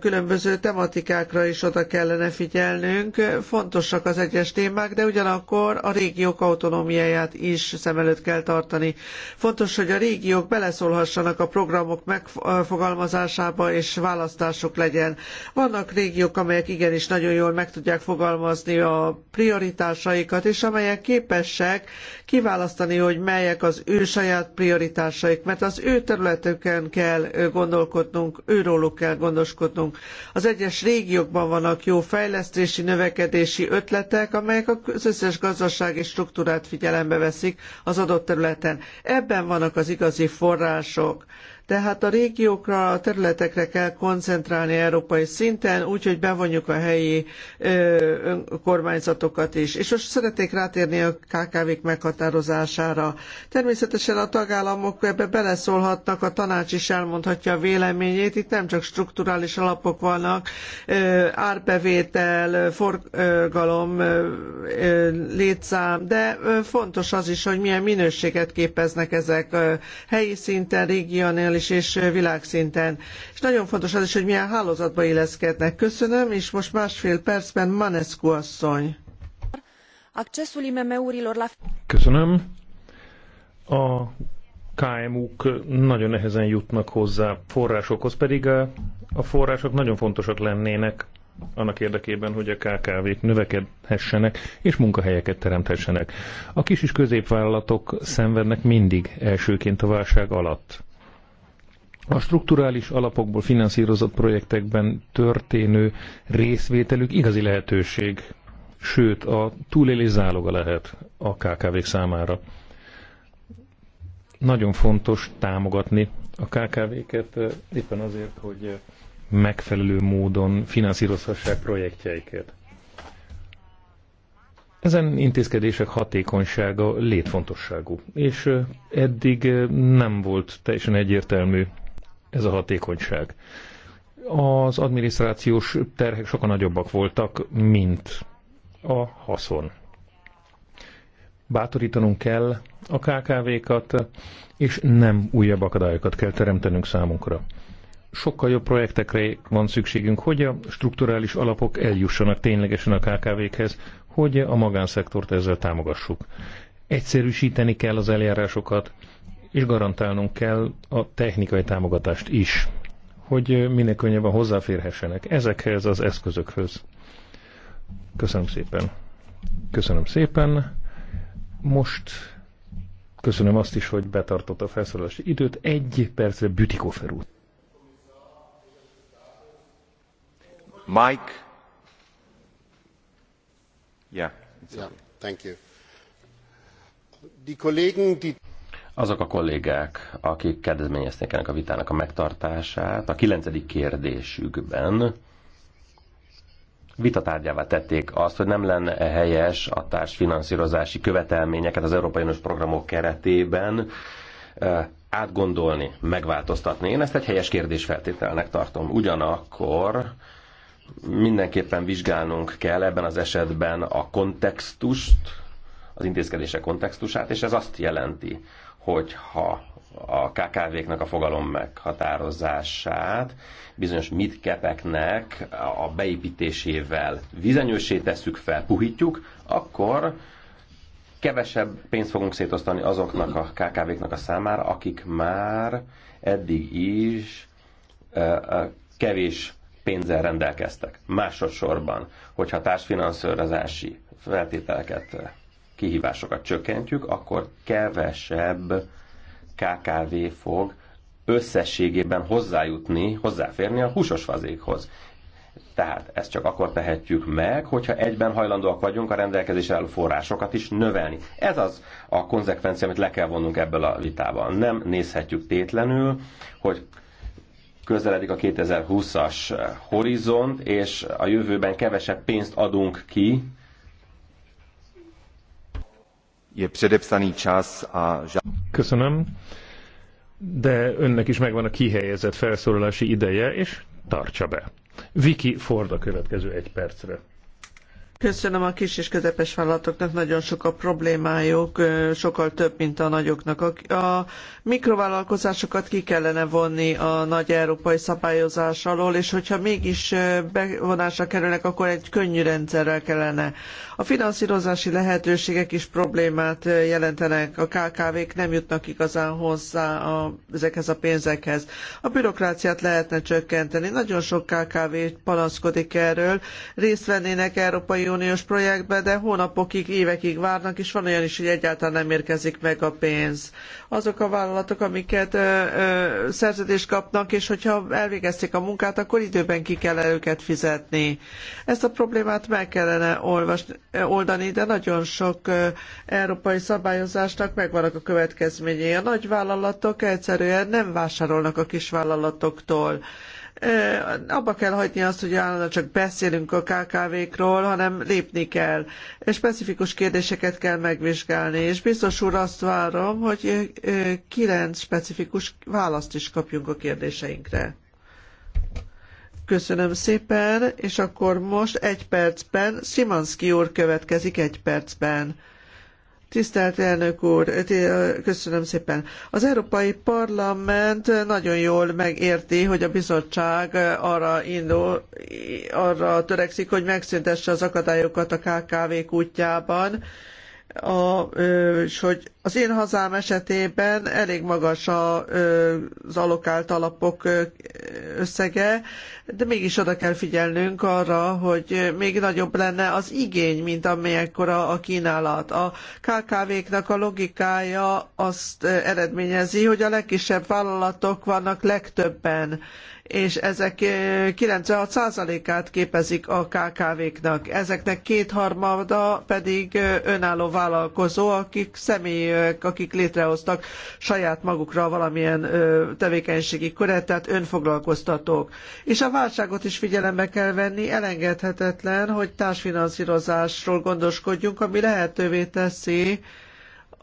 különböző tematikákra is oda kellene figyelnünk. Fontosak az egyes témák, de ugyanakkor a régiók autonómiáját is szem előtt kell tartani. Fontos, hogy a régiók beleszólhassanak a programok megfogalmazásába, és választások legyen. Vannak régiók, amelyek igenis nagyon jól meg tudják fogalmazni a prioritásaikat, és amelyek képesek kiválasztani, hogy melyek az ő saját prioritásaik, mert az ő területüken kell gondolkodnunk, őróluk kell gondoskodnunk gondoskodnunk. Az egyes régiókban vannak jó fejlesztési, növekedési ötletek, amelyek az összes gazdasági struktúrát figyelembe veszik az adott területen. Ebben vannak az igazi források. Tehát a régiókra, a területekre kell koncentrálni európai szinten, úgy, hogy bevonjuk a helyi önkormányzatokat is. És most szeretnék rátérni a KKV-k meghatározására. Természetesen a tagállamok ebbe beleszólhatnak, a tanács is elmondhatja a véleményét. Itt nem csak strukturális alapok vannak, árbevétel, forgalom, létszám, de fontos az is, hogy milyen minőséget képeznek ezek helyi szinten, regionális globális és világszinten. És nagyon fontos az is, hogy milyen hálózatba illeszkednek. Köszönöm, és most másfél percben Manescu asszony. Köszönöm. A KMU-k nagyon nehezen jutnak hozzá forrásokhoz, pedig eh, a források nagyon fontosak lennének annak érdekében, hogy a KKV-k növekedhessenek és munkahelyeket teremthessenek. A kis és középvállalatok szenvednek mindig elsőként a válság alatt a strukturális alapokból finanszírozott projektekben történő részvételük igazi lehetőség, sőt a túlélés záloga lehet a KKV-k számára. Nagyon fontos támogatni a KKV-ket eh, éppen azért, hogy eh, megfelelő módon finanszírozhassák projektjeiket. Ezen intézkedések hatékonysága létfontosságú, és eh, eddig nem volt teljesen egyértelmű ez a hatékonyság. Az adminisztrációs terhek sokkal nagyobbak voltak, mint a haszon. Bátorítanunk kell a KKV-kat, és nem újabb akadályokat kell teremtenünk számunkra. Sokkal jobb projektekre van szükségünk, hogy a strukturális alapok eljussanak ténylegesen a KKV-khez, hogy a magánszektort ezzel támogassuk. Egyszerűsíteni kell az eljárásokat, és garantálnunk kell a technikai támogatást is, hogy minél könnyebben hozzáférhessenek ezekhez az eszközökhöz. Köszönöm szépen. Köszönöm szépen. Most köszönöm azt is, hogy betartotta a felszólalási időt. Egy percre Bütikofer Mike. Yeah, yeah, thank you. Die Kollegen, die azok a kollégák, akik kedvezményezték ennek a vitának a megtartását, a kilencedik kérdésükben vitatárgyává tették azt, hogy nem lenne -e helyes a társfinanszírozási követelményeket az Európai Uniós programok keretében átgondolni, megváltoztatni. Én ezt egy helyes kérdés feltételnek tartom. Ugyanakkor mindenképpen vizsgálnunk kell ebben az esetben a kontextust, az intézkedése kontextusát, és ez azt jelenti, hogyha a kkv knek a fogalom meghatározását bizonyos mit kepeknek a beépítésével vizenyősé tesszük fel, puhítjuk, akkor kevesebb pénzt fogunk szétosztani azoknak a KKV-knak a számára, akik már eddig is kevés pénzzel rendelkeztek. Másodszorban, hogyha társfinanszírozási feltételeket kihívásokat csökkentjük, akkor kevesebb KKV fog összességében hozzájutni, hozzáférni a húsos fazékhoz. Tehát ezt csak akkor tehetjük meg, hogyha egyben hajlandóak vagyunk a rendelkezésre álló forrásokat is növelni. Ez az a konzekvencia, amit le kell vonnunk ebből a vitában. Nem nézhetjük tétlenül, hogy közeledik a 2020-as horizont, és a jövőben kevesebb pénzt adunk ki je předepsaný čas a... Köszönöm, de önnek is megvan a kihelyezett felszólalási ideje, és tartsa be. Viki Ford a következő egy percre. Köszönöm a kis és közepes vállalatoknak, nagyon sok a problémájuk, sokkal több, mint a nagyoknak. A mikrovállalkozásokat ki kellene vonni a nagy európai szabályozás alól, és hogyha mégis bevonásra kerülnek, akkor egy könnyű rendszerrel kellene. A finanszírozási lehetőségek is problémát jelentenek, a KKV-k nem jutnak igazán hozzá a, ezekhez a pénzekhez. A bürokráciát lehetne csökkenteni, nagyon sok KKV panaszkodik erről, részt vennének európai Uniós projektbe, de hónapokig, évekig várnak, és van olyan is, hogy egyáltalán nem érkezik meg a pénz. Azok a vállalatok, amiket ö, ö, szerződést kapnak, és hogyha elvégezték a munkát, akkor időben ki kell őket fizetni. Ezt a problémát meg kellene olvasni, oldani, de nagyon sok ö, európai szabályozásnak megvannak a következményei. A nagy vállalatok egyszerűen nem vásárolnak a kisvállalatoktól. vállalatoktól abba kell hagyni azt, hogy állandóan csak beszélünk a KKV-król, hanem lépni kell. és Specifikus kérdéseket kell megvizsgálni, és biztos úr azt várom, hogy kilenc specifikus választ is kapjunk a kérdéseinkre. Köszönöm szépen, és akkor most egy percben Szimanszki úr következik egy percben. Tisztelt elnök úr, köszönöm szépen. Az Európai Parlament nagyon jól megérti, hogy a bizottság arra indul, arra törekszik, hogy megszüntesse az akadályokat a KKV-k a, és hogy az én hazám esetében elég magas a, az alokált alapok összege, de mégis oda kell figyelnünk arra, hogy még nagyobb lenne az igény, mint amelyekkora a kínálat. A KKV-knak a logikája azt eredményezi, hogy a legkisebb vállalatok vannak legtöbben, és ezek 96%-át képezik a KKV-knak. Ezeknek kétharmada pedig önálló vállalkozó, akik személyek, akik létrehoztak saját magukra valamilyen tevékenységi köret, tehát önfoglalkoztatók. És a válságot is figyelembe kell venni, elengedhetetlen, hogy társfinanszírozásról gondoskodjunk, ami lehetővé teszi,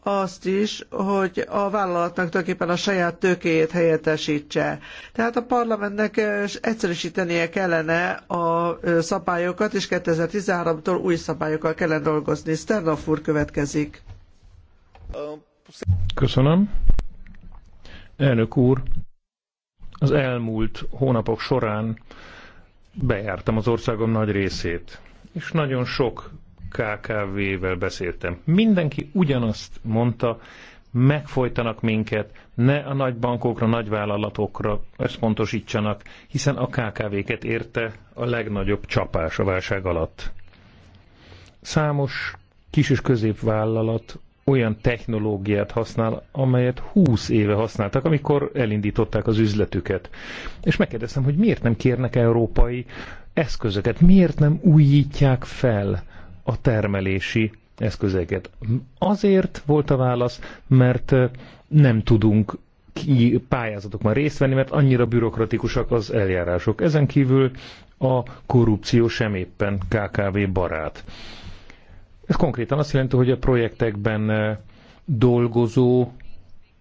azt is, hogy a vállalatnak tulajdonképpen a saját tőkéjét helyettesítse. Tehát a parlamentnek egyszerűsítenie kellene a szabályokat, és 2013-tól új szabályokkal kellene dolgozni. Sternov úr következik. Köszönöm. Elnök úr, az elmúlt hónapok során bejártam az országom nagy részét, és nagyon sok KKV-vel beszéltem. Mindenki ugyanazt mondta, megfojtanak minket, ne a nagy bankokra, nagy vállalatokra összpontosítsanak, hiszen a KKV-ket érte a legnagyobb csapás a válság alatt. Számos kis és középvállalat olyan technológiát használ, amelyet 20 éve használtak, amikor elindították az üzletüket. És megkérdeztem, hogy miért nem kérnek európai eszközöket, miért nem újítják fel a termelési eszközeket. Azért volt a válasz, mert nem tudunk ki pályázatokban részt venni, mert annyira bürokratikusak az eljárások. Ezen kívül a korrupció sem éppen KKV barát. Ez konkrétan azt jelenti, hogy a projektekben dolgozó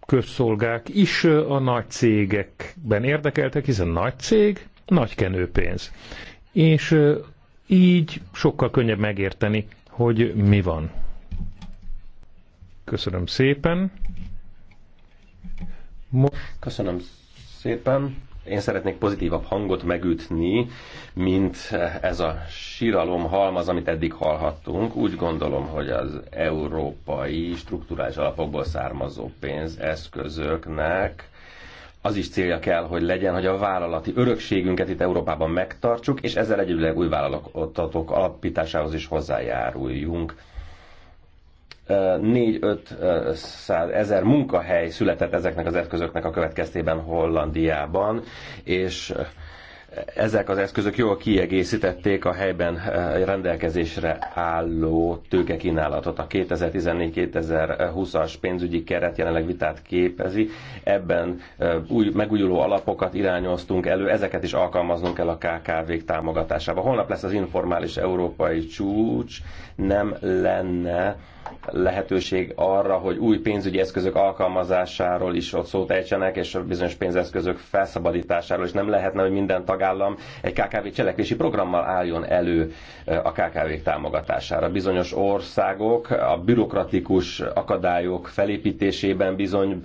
közszolgák is a nagy cégekben érdekeltek, hiszen nagy cég, nagy kenőpénz. És így sokkal könnyebb megérteni, hogy mi van. Köszönöm szépen. Mo- Köszönöm szépen. Én szeretnék pozitívabb hangot megütni, mint ez a síralom halmaz, amit eddig hallhattunk. Úgy gondolom, hogy az európai strukturális alapokból származó pénzeszközöknek az is célja kell, hogy legyen, hogy a vállalati örökségünket itt Európában megtartsuk, és ezzel együleg új vállalatok alapításához is hozzájáruljunk. 4-5 ezer munkahely született ezeknek az eszközöknek a következtében Hollandiában, és ezek az eszközök jól kiegészítették a helyben eh, rendelkezésre álló tőkekínálatot. A 2014-2020-as pénzügyi keret jelenleg vitát képezi. Ebben eh, új, megújuló alapokat irányoztunk elő, ezeket is alkalmaznunk kell a KKV-k támogatásába. Holnap lesz az informális európai csúcs, nem lenne lehetőség arra, hogy új pénzügyi eszközök alkalmazásáról is ott szót ejtsenek, és a bizonyos pénzeszközök felszabadításáról, és nem lehetne, hogy minden tagállam egy KKV cselekvési programmal álljon elő a KKV támogatására. Bizonyos országok a bürokratikus akadályok felépítésében bizony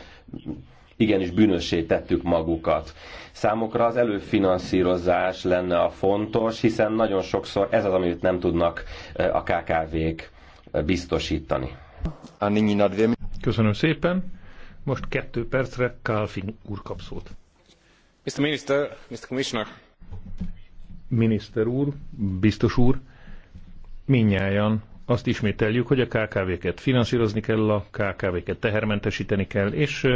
igenis bűnössé tettük magukat. Számukra az előfinanszírozás lenne a fontos, hiszen nagyon sokszor ez az, amit nem tudnak a KKV-k biztosítani. Köszönöm szépen. Most kettő percre Kálfin úr kap szót. Mr. Minister, Mr. Commissioner. Miniszter úr, biztos úr, minnyáján azt ismételjük, hogy a KKV-ket finanszírozni kell, a KKV-ket tehermentesíteni kell, és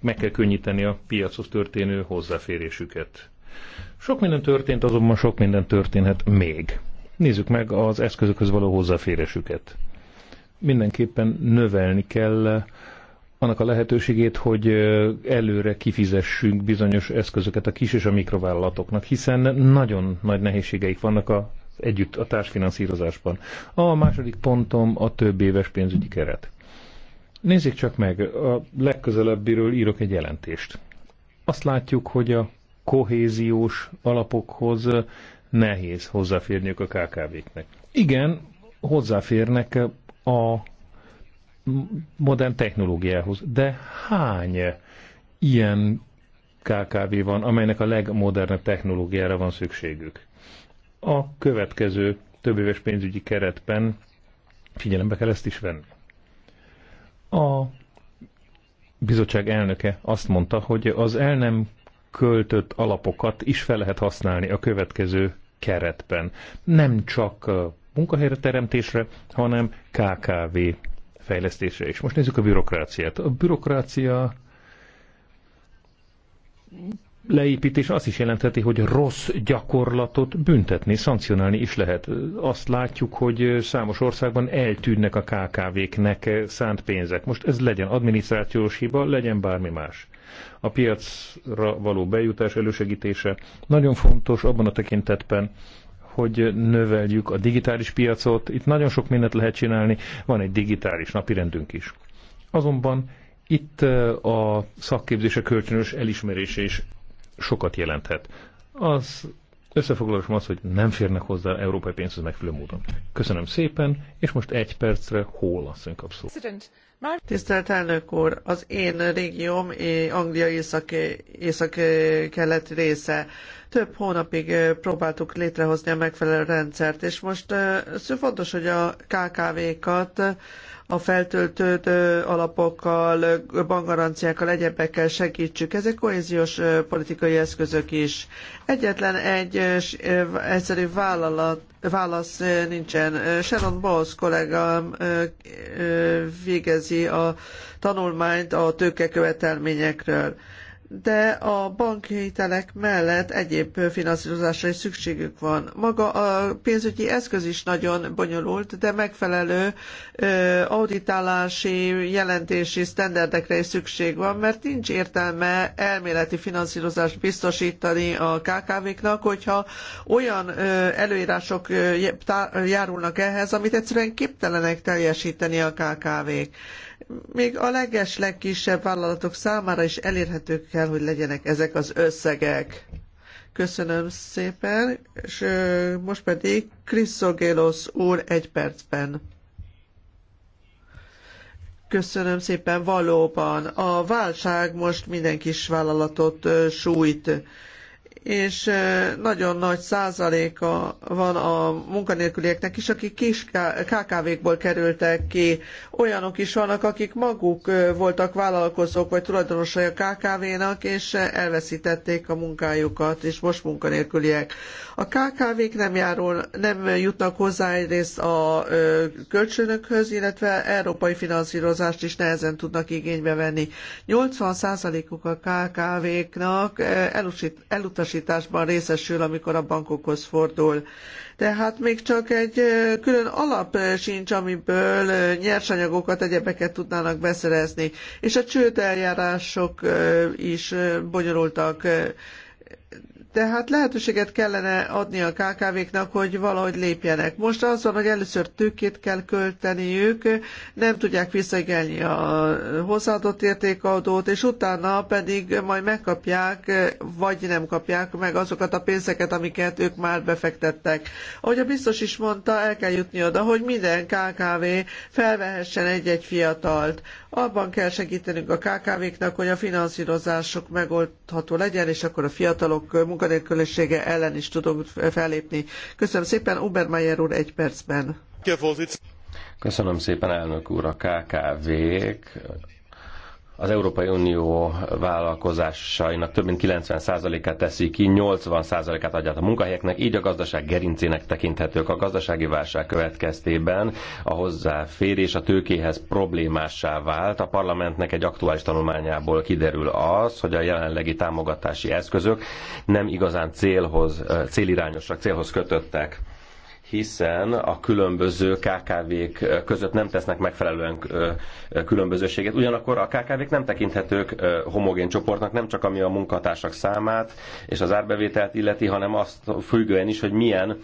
meg kell könnyíteni a piachoz történő hozzáférésüket. Sok minden történt, azonban sok minden történhet még. Nézzük meg az eszközökhöz való hozzáférésüket. Mindenképpen növelni kell annak a lehetőségét, hogy előre kifizessünk bizonyos eszközöket a kis és a mikrovállalatoknak, hiszen nagyon nagy nehézségeik vannak a együtt a társfinanszírozásban. A második pontom a több éves pénzügyi keret. Nézzék csak meg, a legközelebbiről írok egy jelentést. Azt látjuk, hogy a kohéziós alapokhoz nehéz hozzáférniük a KKV-knek. Igen, hozzáférnek a modern technológiához, de hány ilyen KKV van, amelynek a legmodernebb technológiára van szükségük? A következő többéves pénzügyi keretben figyelembe kell ezt is venni. A bizottság elnöke azt mondta, hogy az el nem költött alapokat is fel lehet használni a következő keretben. Nem csak munkahelyre teremtésre, hanem KKV fejlesztésre is. Most nézzük a bürokráciát. A bürokrácia leépítés azt is jelentheti, hogy rossz gyakorlatot büntetni, szankcionálni is lehet. Azt látjuk, hogy számos országban eltűnnek a KKV-knek szánt pénzek. Most ez legyen adminisztrációs hiba, legyen bármi más a piacra való bejutás elősegítése nagyon fontos abban a tekintetben, hogy növeljük a digitális piacot. Itt nagyon sok mindent lehet csinálni, van egy digitális napirendünk is. Azonban itt eh, a szakképzése kölcsönös elismerése is sokat jelenthet. Az összefoglalásom az, hogy nem férnek hozzá európai pénzhez megfelelő módon. Köszönöm szépen, és most egy percre hol asszony szó. Tisztelt elnök úr, az én régióm Anglia észak, észak-keleti része több hónapig próbáltuk létrehozni a megfelelő rendszert, és most fontos, hogy a KKV-kat a feltöltött alapokkal, bankgaranciákkal, egyebekkel segítsük. Ezek kohéziós politikai eszközök is. Egyetlen egy egyszerű vállalat, válasz nincsen. Sharon Bowles kollégám végezi a tanulmányt a tőkekövetelményekről de a bankhitelek mellett egyéb finanszírozásra is szükségük van. Maga a pénzügyi eszköz is nagyon bonyolult, de megfelelő auditálási, jelentési sztenderdekre is szükség van, mert nincs értelme elméleti finanszírozást biztosítani a KKV-knak, hogyha olyan előírások járulnak ehhez, amit egyszerűen képtelenek teljesíteni a KKV-k még a legeslegkisebb vállalatok számára is elérhetők kell, hogy legyenek ezek az összegek. Köszönöm szépen, és most pedig Kriszogélos úr egy percben. Köszönöm szépen, valóban. A válság most minden kis vállalatot sújt és nagyon nagy százaléka van a munkanélkülieknek is, akik kis KKV-kból kerültek ki. Olyanok is vannak, akik maguk voltak vállalkozók vagy tulajdonosai a KKV-nak, és elveszítették a munkájukat, és most munkanélküliek. A KKV-k nem, járul, nem jutnak hozzá egyrészt a kölcsönökhöz, illetve európai finanszírozást is nehezen tudnak igénybe venni. 80 százalékuk a KKV-knak elutasít, elutasít biztosításban részesül, amikor a bankokhoz fordul. Tehát még csak egy külön alap sincs, amiből nyersanyagokat, egyebeket tudnának beszerezni. És a csődeljárások is bonyolultak tehát lehetőséget kellene adni a KKV-knak, hogy valahogy lépjenek. Most az van, hogy először tőkét kell költeniük, nem tudják visszaigelni a hozzáadott értékadót, és utána pedig majd megkapják, vagy nem kapják meg azokat a pénzeket, amiket ők már befektettek. Ahogy a biztos is mondta, el kell jutni oda, hogy minden KKV felvehessen egy-egy fiatalt. Abban kell segítenünk a KKV-knak, hogy a finanszírozásuk megoldható legyen, és akkor a fiatalok munkanélkülisége ellen is tudunk fellépni. Köszönöm szépen, Ubermeyer úr egy percben. Köszönöm szépen, elnök úr, a KKV-k az Európai Unió vállalkozásainak több mint 90%-át teszi ki, 80%-át adja a munkahelyeknek, így a gazdaság gerincének tekinthetők. A gazdasági válság következtében a hozzáférés a tőkéhez problémássá vált. A parlamentnek egy aktuális tanulmányából kiderül az, hogy a jelenlegi támogatási eszközök nem igazán célhoz, célirányosak, célhoz kötöttek hiszen a különböző KKV-k között nem tesznek megfelelően különbözőséget. Ugyanakkor a KKV-k nem tekinthetők homogén csoportnak, nem csak ami a munkatársak számát és az árbevételt illeti, hanem azt függően is, hogy milyen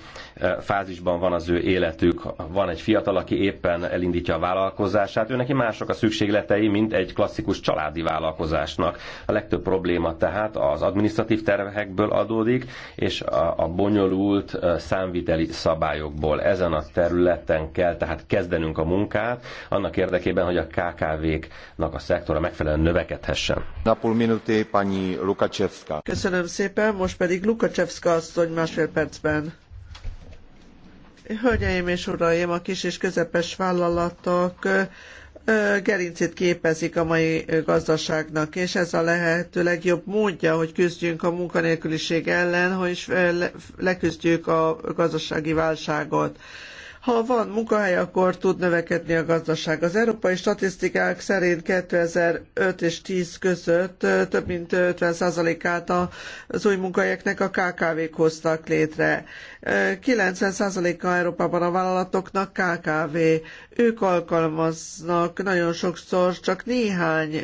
fázisban van az ő életük. Van egy fiatal, aki éppen elindítja a vállalkozását, ő neki mások a szükségletei, mint egy klasszikus családi vállalkozásnak. A legtöbb probléma tehát az administratív terhekből adódik, és a bonyolult számviteli szabály szabályokból. Ezen a területen kell tehát kezdenünk a munkát, annak érdekében, hogy a KKV-knak a szektora megfelelően növekedhessen. Napol minuté, pani Lukacsevska. Köszönöm szépen, most pedig azt asszony másfél percben. Hölgyeim és uraim, a kis és közepes vállalatok gerincét képezik a mai gazdaságnak, és ez a lehető legjobb módja, hogy küzdjünk a munkanélküliség ellen, hogy leküzdjük a gazdasági válságot. Ha van munkahely, akkor tud növekedni a gazdaság. Az európai statisztikák szerint 2005 és 10 között több mint 50%-át az új munkahelyeknek a KKV-k hoztak létre. 90%-a Európában a vállalatoknak KKV. Ők alkalmaznak nagyon sokszor csak néhány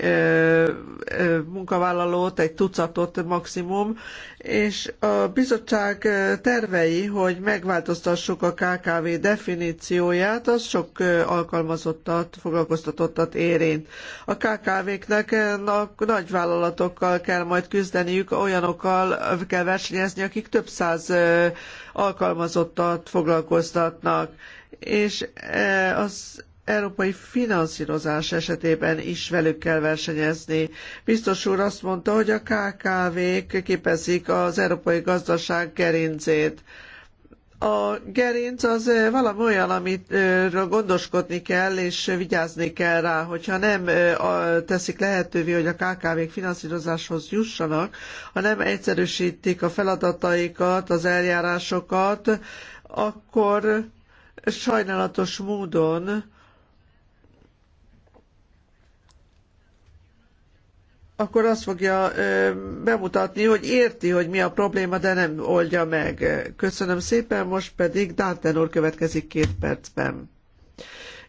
munkavállalót, egy tucatot maximum, és a bizottság tervei, hogy megváltoztassuk a KKV definícióját, az sok alkalmazottat, foglalkoztatottat érint. A KKV-knek nagy vállalatokkal kell majd küzdeniük, olyanokkal kell versenyezni, akik több száz alkalmazottat foglalkoztatnak, és e, az európai finanszírozás esetében is velük kell versenyezni. Biztos úr azt mondta, hogy a KKV-k képezik az európai gazdaság gerincét a gerinc az valami olyan, amiről gondoskodni kell, és vigyázni kell rá, hogyha nem teszik lehetővé, hogy a KKV-k finanszírozáshoz jussanak, hanem egyszerűsítik a feladataikat, az eljárásokat, akkor sajnálatos módon akkor azt fogja bemutatni, hogy érti, hogy mi a probléma, de nem oldja meg. Köszönöm szépen, most pedig Dánten úr következik két percben.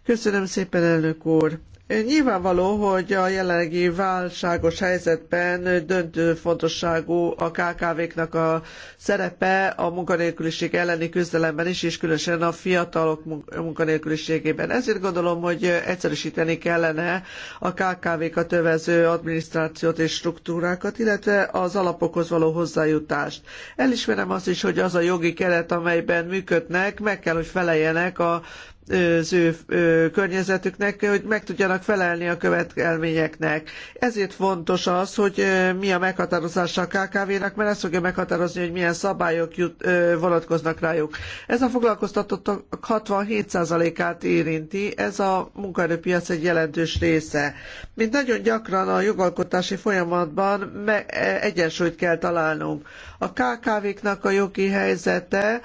Köszönöm szépen, elnök úr. Nyilvánvaló, hogy a jelenlegi válságos helyzetben döntő fontosságú a KKV-knak a szerepe a munkanélküliség elleni küzdelemben is, és különösen a fiatalok munkanélküliségében. Ezért gondolom, hogy egyszerűsíteni kellene a KKV-kat övező adminisztrációt és struktúrákat, illetve az alapokhoz való hozzájutást. Elismerem azt is, hogy az a jogi keret, amelyben működnek, meg kell, hogy feleljenek a az ő környezetüknek, hogy meg tudjanak felelni a követelményeknek. Ezért fontos az, hogy mi a meghatározása a KKV-nak, mert ez fogja meghatározni, hogy milyen szabályok jut, vonatkoznak rájuk. Ez a foglalkoztatottak 67%-át érinti, ez a munkaerőpiac egy jelentős része. Mint nagyon gyakran a jogalkotási folyamatban egyensúlyt kell találnunk. A KKV-knak a jogi helyzete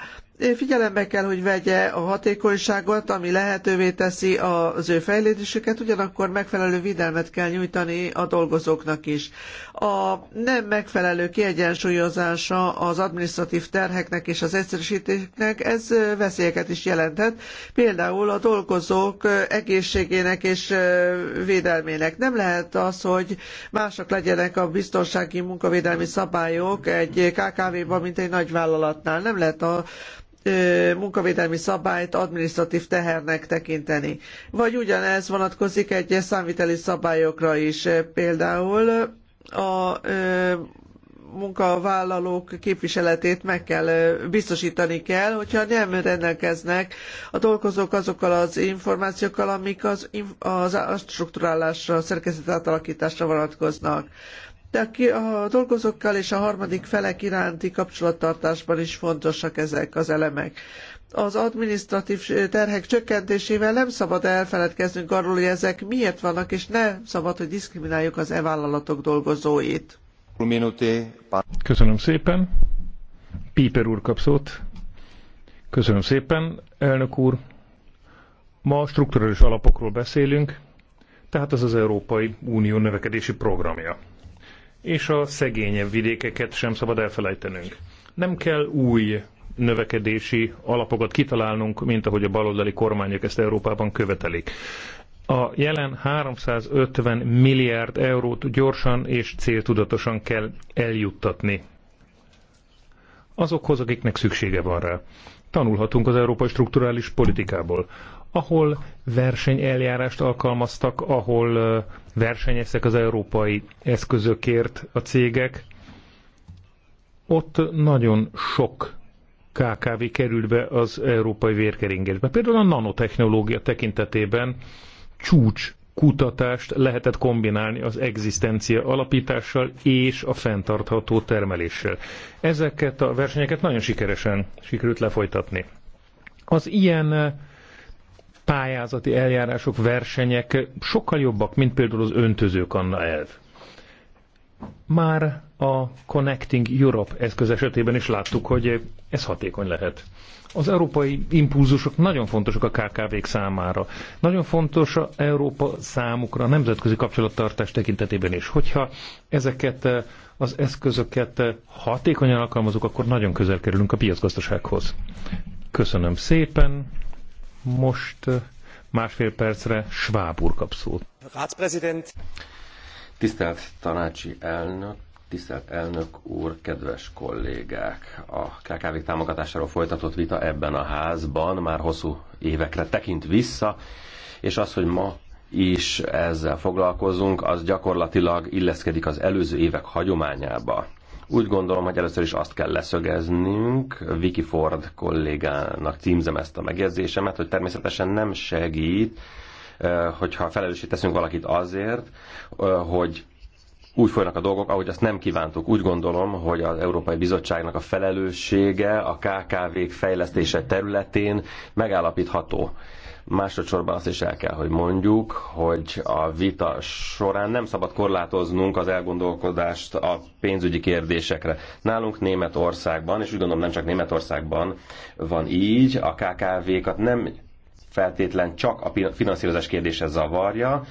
Figyelembe kell, hogy vegye a hatékonyságot, ami lehetővé teszi az ő fejlődésüket, ugyanakkor megfelelő védelmet kell nyújtani a dolgozóknak is. A nem megfelelő kiegyensúlyozása az administratív terheknek és az egyszerűsítésnek, ez veszélyeket is jelenthet, például a dolgozók egészségének és védelmének. Nem lehet az, hogy mások legyenek a biztonsági munkavédelmi szabályok egy KKV-ban, mint egy nagy vállalatnál. Nem lehet a munkavédelmi szabályt adminisztratív tehernek tekinteni. Vagy ugyanez vonatkozik egyes számviteli szabályokra is. Például a munkavállalók képviseletét meg kell biztosítani kell, hogyha nem rendelkeznek a dolgozók azokkal az információkkal, amik az, az strukturálásra, szerkezet átalakításra vonatkoznak de a dolgozókkal és a harmadik felek iránti kapcsolattartásban is fontosak ezek az elemek az adminisztratív terhek csökkentésével nem szabad elfeledkeznünk arról, hogy ezek miért vannak, és nem szabad, hogy diszkrimináljuk az e-vállalatok dolgozóit. Köszönöm szépen. Píper úr kap szót. Köszönöm szépen, elnök úr. Ma strukturális alapokról beszélünk, tehát ez az Európai Unió növekedési programja és a szegényebb vidékeket sem szabad elfelejtenünk. Nem kell új növekedési alapokat kitalálnunk, mint ahogy a baloldali kormányok ezt Európában követelik. A jelen 350 milliárd eurót gyorsan és céltudatosan kell eljuttatni azokhoz, akiknek szüksége van rá. Tanulhatunk az európai strukturális politikából ahol versenyeljárást alkalmaztak, ahol versenyeztek az európai eszközökért a cégek. Ott nagyon sok KKV került be az európai vérkeringésbe. Például a nanotechnológia tekintetében csúcs kutatást lehetett kombinálni az egzisztencia alapítással és a fenntartható termeléssel. Ezeket a versenyeket nagyon sikeresen sikerült lefolytatni. Az ilyen pályázati eljárások, versenyek sokkal jobbak, mint például az öntöző kanna elv. Már a Connecting Europe eszköz esetében is láttuk, hogy ez hatékony lehet. Az európai impulzusok nagyon fontosak a KKV-k számára. Nagyon fontos a Európa számukra a nemzetközi kapcsolattartás tekintetében is. Hogyha ezeket eh, az eszközöket eh, hatékonyan alkalmazunk, akkor nagyon közel kerülünk a piacgazdasághoz. Köszönöm szépen! Most másfél percre Schwab úr kap szót. Tisztelt tanácsi elnök, tisztelt elnök úr, kedves kollégák! A KKV támogatásáról folytatott vita ebben a házban már hosszú évekre tekint vissza, és az, hogy ma is ezzel foglalkozunk, az gyakorlatilag illeszkedik az előző évek hagyományába. Úgy gondolom, hogy először is azt kell leszögeznünk, Vicky Ford kollégának címzem ezt a megjegyzésemet, hogy természetesen nem segít, hogyha felelőssé teszünk valakit azért, hogy úgy folynak a dolgok, ahogy azt nem kívántuk. Úgy gondolom, hogy az Európai Bizottságnak a felelőssége a KKV-k fejlesztése területén megállapítható. Másodszorban azt is el kell, hogy mondjuk, hogy a vita során nem szabad korlátoznunk az elgondolkodást a pénzügyi kérdésekre. Nálunk Németországban, és úgy gondolom nem csak Németországban van így, a KKV-kat nem feltétlen csak a finanszírozás kérdése zavarja,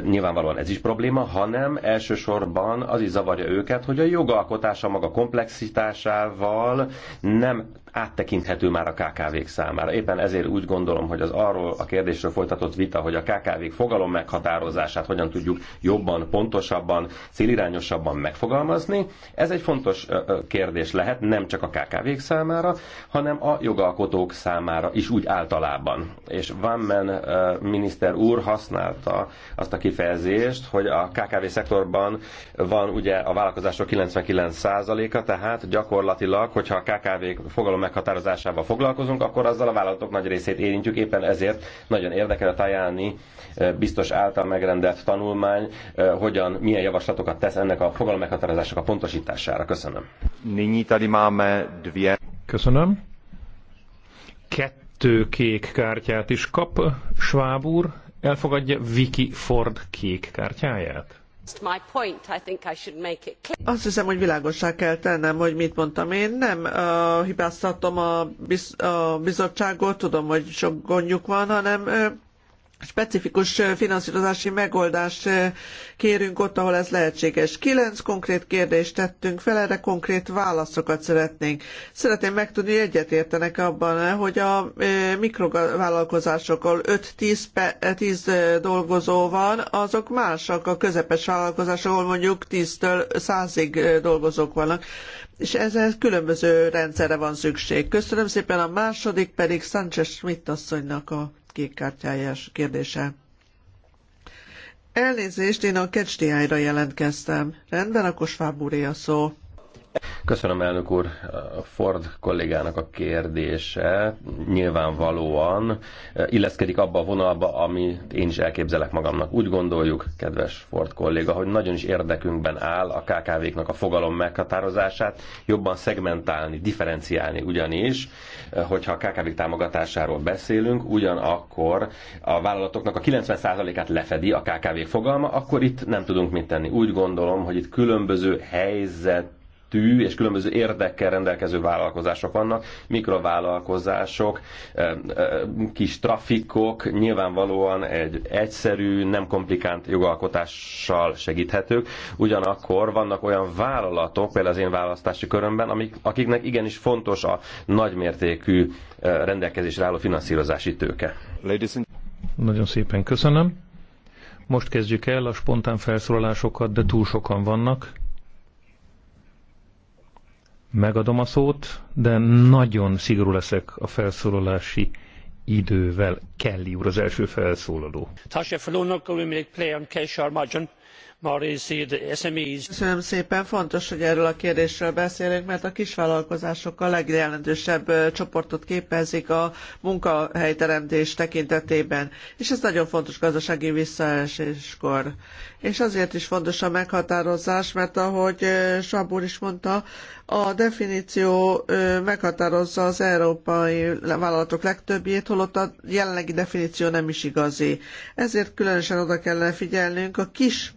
nyilvánvalóan ez is probléma, hanem elsősorban az is zavarja őket, hogy a jogalkotása maga komplexitásával nem áttekinthető már a KKV-k számára. Éppen ezért úgy gondolom, hogy az arról a kérdésről folytatott vita, hogy a KKV-k fogalom meghatározását hogyan tudjuk jobban, pontosabban, célirányosabban megfogalmazni, ez egy fontos kérdés lehet nem csak a KKV-k számára, hanem a jogalkotók számára is úgy általában. És Van Men miniszter úr használta azt a kifejezést, hogy a KKV szektorban van ugye a vállalkozások 99%-a, tehát gyakorlatilag, hogyha a KKV fogalom meghatározásával foglalkozunk, akkor azzal a vállalatok nagy részét érintjük. Éppen ezért nagyon érdekel a Tajáni eh, biztos által megrendelt tanulmány, eh, hogyan, milyen javaslatokat tesz ennek a fogalom meghatározásnak a pontosítására. Köszönöm. Nyní tady máme dvě. Köszönöm. Kettő kék kártyát is kap Schwab úr. Elfogadja Vicky Ford kék kártyáját? Azt hiszem, hogy világossá kell tennem, hogy mit mondtam. Én nem uh, hibáztatom a, biz, a bizottságot, tudom, hogy sok gondjuk van, hanem uh, specifikus finanszírozási megoldást kérünk ott, ahol ez lehetséges. Kilenc konkrét kérdést tettünk fel, erre konkrét válaszokat szeretnénk. Szeretném megtudni, hogy egyetértenek abban, hogy a mikrovállalkozásokkal 5-10 dolgozó van, azok másak a közepes vállalkozások ahol mondjuk 10-től 100-ig dolgozók vannak és ezzel különböző rendszerre van szükség. Köszönöm szépen, a második pedig Sánchez Schmidt asszonynak a kékkártyájás kérdése. Elnézést, én a kecsdiányra jelentkeztem. Rendben, a Schwab a szó. Köszönöm, elnök úr. Ford kollégának a kérdése nyilvánvalóan e, illeszkedik abba a vonalba, amit én is elképzelek magamnak. Úgy gondoljuk, kedves Ford kolléga, hogy nagyon is érdekünkben áll a KKV-knak a fogalom meghatározását, jobban szegmentálni, differenciálni ugyanis, e, hogyha a KKV támogatásáról beszélünk, ugyanakkor a vállalatoknak a 90%-át lefedi a KKV fogalma, akkor itt nem tudunk mit tenni. Úgy gondolom, hogy itt különböző helyzet méretű és különböző érdekkel rendelkező vállalkozások vannak, mikrovállalkozások, kis trafikok, nyilvánvalóan egy egyszerű, nem komplikált jogalkotással segíthetők. Ugyanakkor vannak olyan vállalatok, például az én választási körömben, amik, akiknek igenis fontos a nagymértékű rendelkezésre álló finanszírozási tőke. Nagyon szépen köszönöm. Most kezdjük el a spontán felszólalásokat, de túl sokan vannak megadom a szót, de nagyon szigorú leszek a felszólalási idővel. Kelly úr az első felszólaló. Köszönöm szépen, fontos, hogy erről a kérdésről beszélünk, mert a kisvállalkozások a legjelentősebb csoportot képezik a munkahelyteremtés tekintetében, és ez nagyon fontos gazdasági visszaeséskor. És azért is fontos a meghatározás, mert ahogy Sabur is mondta, a definíció meghatározza az európai vállalatok legtöbbjét, holott a jelenlegi definíció nem is igazi. Ezért különösen oda kellene figyelnünk a kis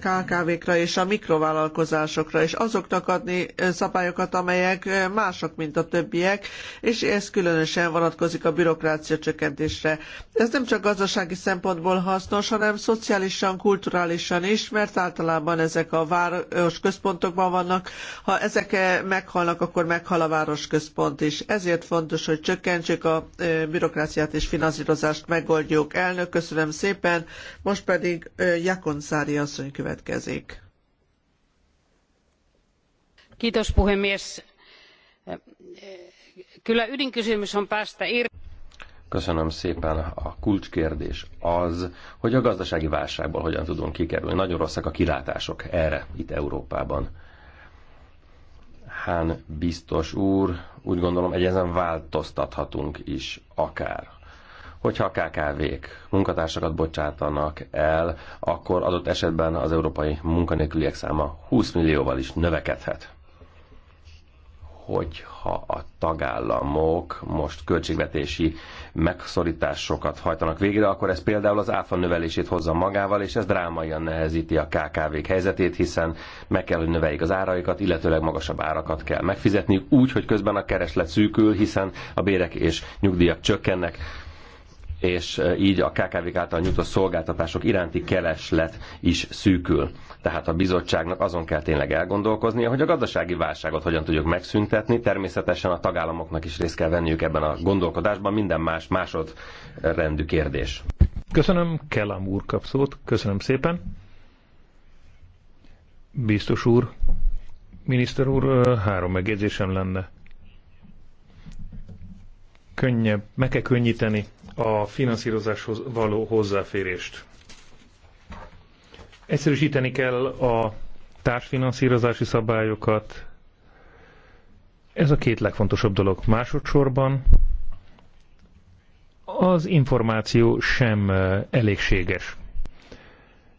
KKV-kra és a mikrovállalkozásokra, és azoknak adni szabályokat, amelyek mások, mint a többiek, és ez különösen vonatkozik a bürokrácia csökkentésre. Ez nem csak gazdasági szempontból hasznos, hanem szociálisan, kulturálisan is, mert általában ezek a város központokban vannak. Ha ezek e meghalnak, akkor meghal a városközpont is. Ezért fontos, hogy csökkentsük a bürokráciát és finanszírozást megoldjuk. Elnök, köszönöm szépen. Most pedig Jakon Szári asszony következik. Kiitos puhemies. Kyllä ydinkysymys on päästä irti. Köszönöm szépen. A kulcskérdés az, hogy a gazdasági válságból hogyan tudunk kikerülni. Nagyon rosszak a kilátások erre itt Európában. Hán biztos úr, úgy gondolom, egy ezen változtathatunk is akár. Hogyha a KKV-k munkatársakat bocsátanak el, akkor adott esetben az európai munkanélküliek száma 20 millióval is növekedhet hogyha a tagállamok most költségvetési megszorításokat hajtanak végre, akkor ez például az áfa növelését hozza magával, és ez drámaian nehezíti a KKV-k helyzetét, hiszen meg kell, hogy növeljék az áraikat, illetőleg magasabb árakat kell megfizetni, úgy, hogy közben a kereslet szűkül, hiszen a bérek és nyugdíjak csökkennek és e, így a kkv által nyújtott szolgáltatások iránti kereslet is szűkül. Tehát a bizottságnak azon kell tényleg elgondolkoznia, hogy a gazdasági válságot hogyan tudjuk megszüntetni. Természetesen a tagállamoknak is részt kell venniük ebben a gondolkodásban, minden más másodrendű kérdés. Köszönöm, Kellám úr kap szót. Köszönöm szépen. Biztos úr, miniszter úr, e, három megjegyzésem lenne. Könnyebb, meg kell könnyíteni a finanszírozáshoz való hozzáférést. Egyszerűsíteni kell a társfinanszírozási szabályokat. Ez a két legfontosabb dolog. Másodszorban az információ sem eh, elégséges.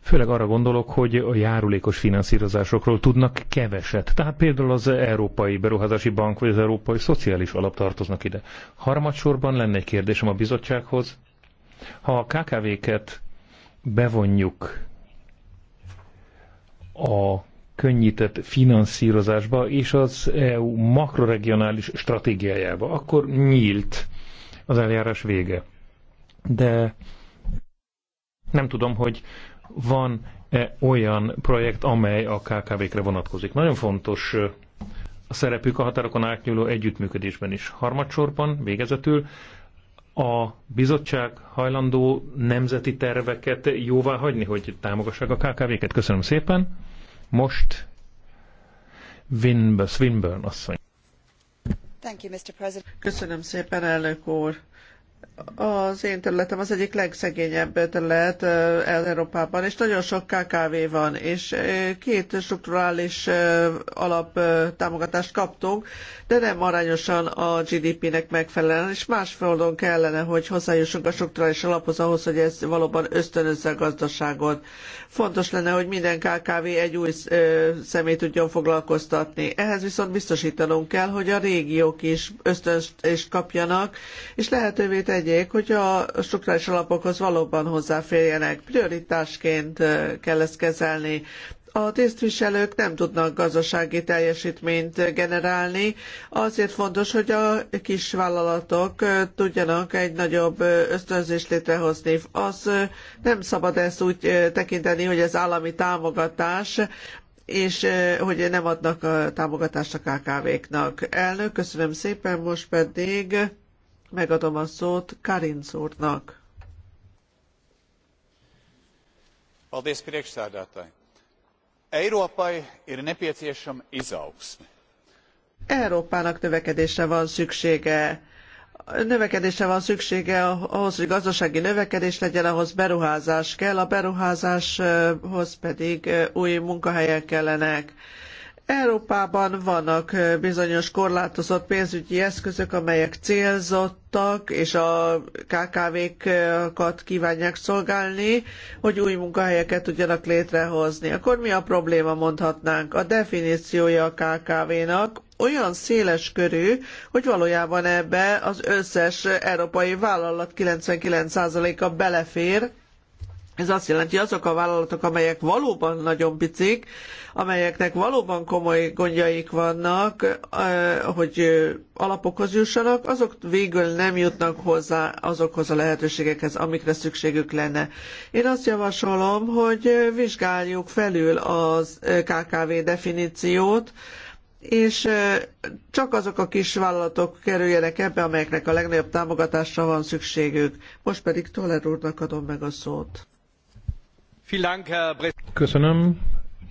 Főleg arra gondolok, hogy a járulékos finanszírozásokról tudnak keveset. Tehát például az Európai Beruházási Bank vagy az Európai Szociális Alap tartoznak ide. Harmadsorban lenne egy kérdésem a bizottsághoz. Ha a KKV-ket bevonjuk a könnyített finanszírozásba és az EU makroregionális stratégiájába, akkor nyílt az eljárás vége. De nem tudom, hogy van-e olyan projekt, amely a KKV-kre vonatkozik. Nagyon fontos a szerepük a határokon átnyúló együttműködésben is. Harmadsorban, végezetül, a bizottság hajlandó nemzeti terveket jóvá hagyni, hogy támogassák a KKV-ket. Köszönöm szépen. Most Winburn, Swinburne asszony. Köszönöm szépen, elnök úr az én területem az egyik legszegényebb terület Európában, és nagyon sok KKV van, és két strukturális alaptámogatást kaptunk, de nem arányosan a GDP-nek megfelelően, és más földön kellene, hogy hozzájussunk a strukturális alaphoz ahhoz, hogy ez valóban ösztönözze a gazdaságot. Fontos lenne, hogy minden KKV egy új személy tudjon foglalkoztatni. Ehhez viszont biztosítanunk kell, hogy a régiók is ösztönst kapjanak, és lehetővé tegyék, hogy a strukturális alapokhoz valóban hozzáférjenek. Prioritásként kell ezt kezelni. A tisztviselők nem tudnak gazdasági teljesítményt generálni, azért fontos, hogy a kisvállalatok tudjanak egy nagyobb ösztönzést létrehozni. Az nem szabad ezt úgy tekinteni, hogy ez állami támogatás, és hogy nem adnak a támogatást a KKV-knak. Elnök, köszönöm szépen, most pedig megadom a szót Karinc úrnak. Paldies, priekšsādātāji. Eiropai ir nepieciešama izaugsme. Európának növekedése van szüksége. Növekedése van szüksége ahhoz, hogy gazdasági növekedés legyen, ahhoz beruházás kell, a beruházáshoz pedig új munkahelyek kellenek Európában vannak bizonyos korlátozott pénzügyi eszközök, amelyek célzottak, és a KKV-kat kívánják szolgálni, hogy új munkahelyeket tudjanak létrehozni. Akkor mi a probléma, mondhatnánk? A definíciója a KKV-nak olyan széles körű, hogy valójában ebbe az összes európai vállalat 99%-a belefér, ez azt jelenti, azok a vállalatok, amelyek valóban nagyon picik, amelyeknek valóban komoly gondjaik vannak, hogy alapokhoz jussanak, azok végül nem jutnak hozzá azokhoz a lehetőségekhez, amikre szükségük lenne. Én azt javasolom, hogy vizsgáljuk felül az KKV definíciót, és csak azok a kis vállalatok kerüljenek ebbe, amelyeknek a legnagyobb támogatásra van szükségük. Most pedig Toller úrnak adom meg a szót. Köszönöm,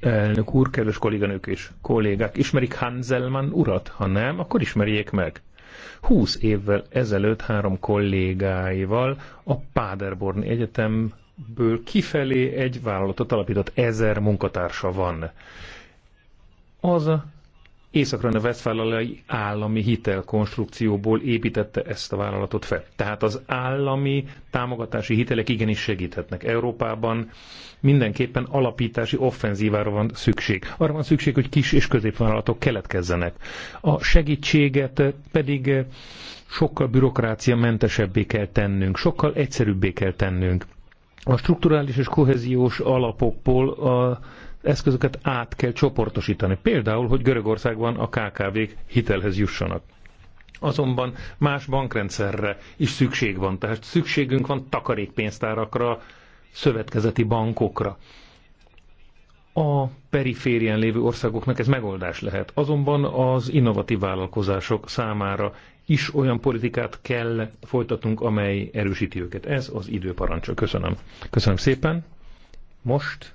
elnök úr, kedves kolléganők és kollégák. Ismerik Hanselmann urat? Ha nem, akkor ismerjék meg. Húsz évvel ezelőtt három kollégáival a Paderborn Egyetemből kifelé egy vállalatot alapított ezer munkatársa van. Az északra a veszfálalai állami hitelkonstrukcióból építette ezt a vállalatot fel. Tehát az állami támogatási hitelek igenis segíthetnek. Európában mindenképpen alapítási offenzívára van szükség. Arra van szükség, hogy kis és középvállalatok keletkezzenek. A segítséget pedig sokkal bürokrácia mentesebbé kell tennünk, sokkal egyszerűbbé kell tennünk. A strukturális és kohéziós alapokból a eszközöket át kell csoportosítani. Például, hogy Görögországban a KKV-k hitelhez jussanak. Azonban más bankrendszerre is szükség van, tehát szükségünk van takarékpénztárakra, szövetkezeti bankokra. A periférien lévő országoknak ez megoldás lehet. Azonban az innovatív vállalkozások számára is olyan politikát kell folytatnunk, amely erősíti őket. Ez az időparancsa. Köszönöm. Köszönöm szépen. Most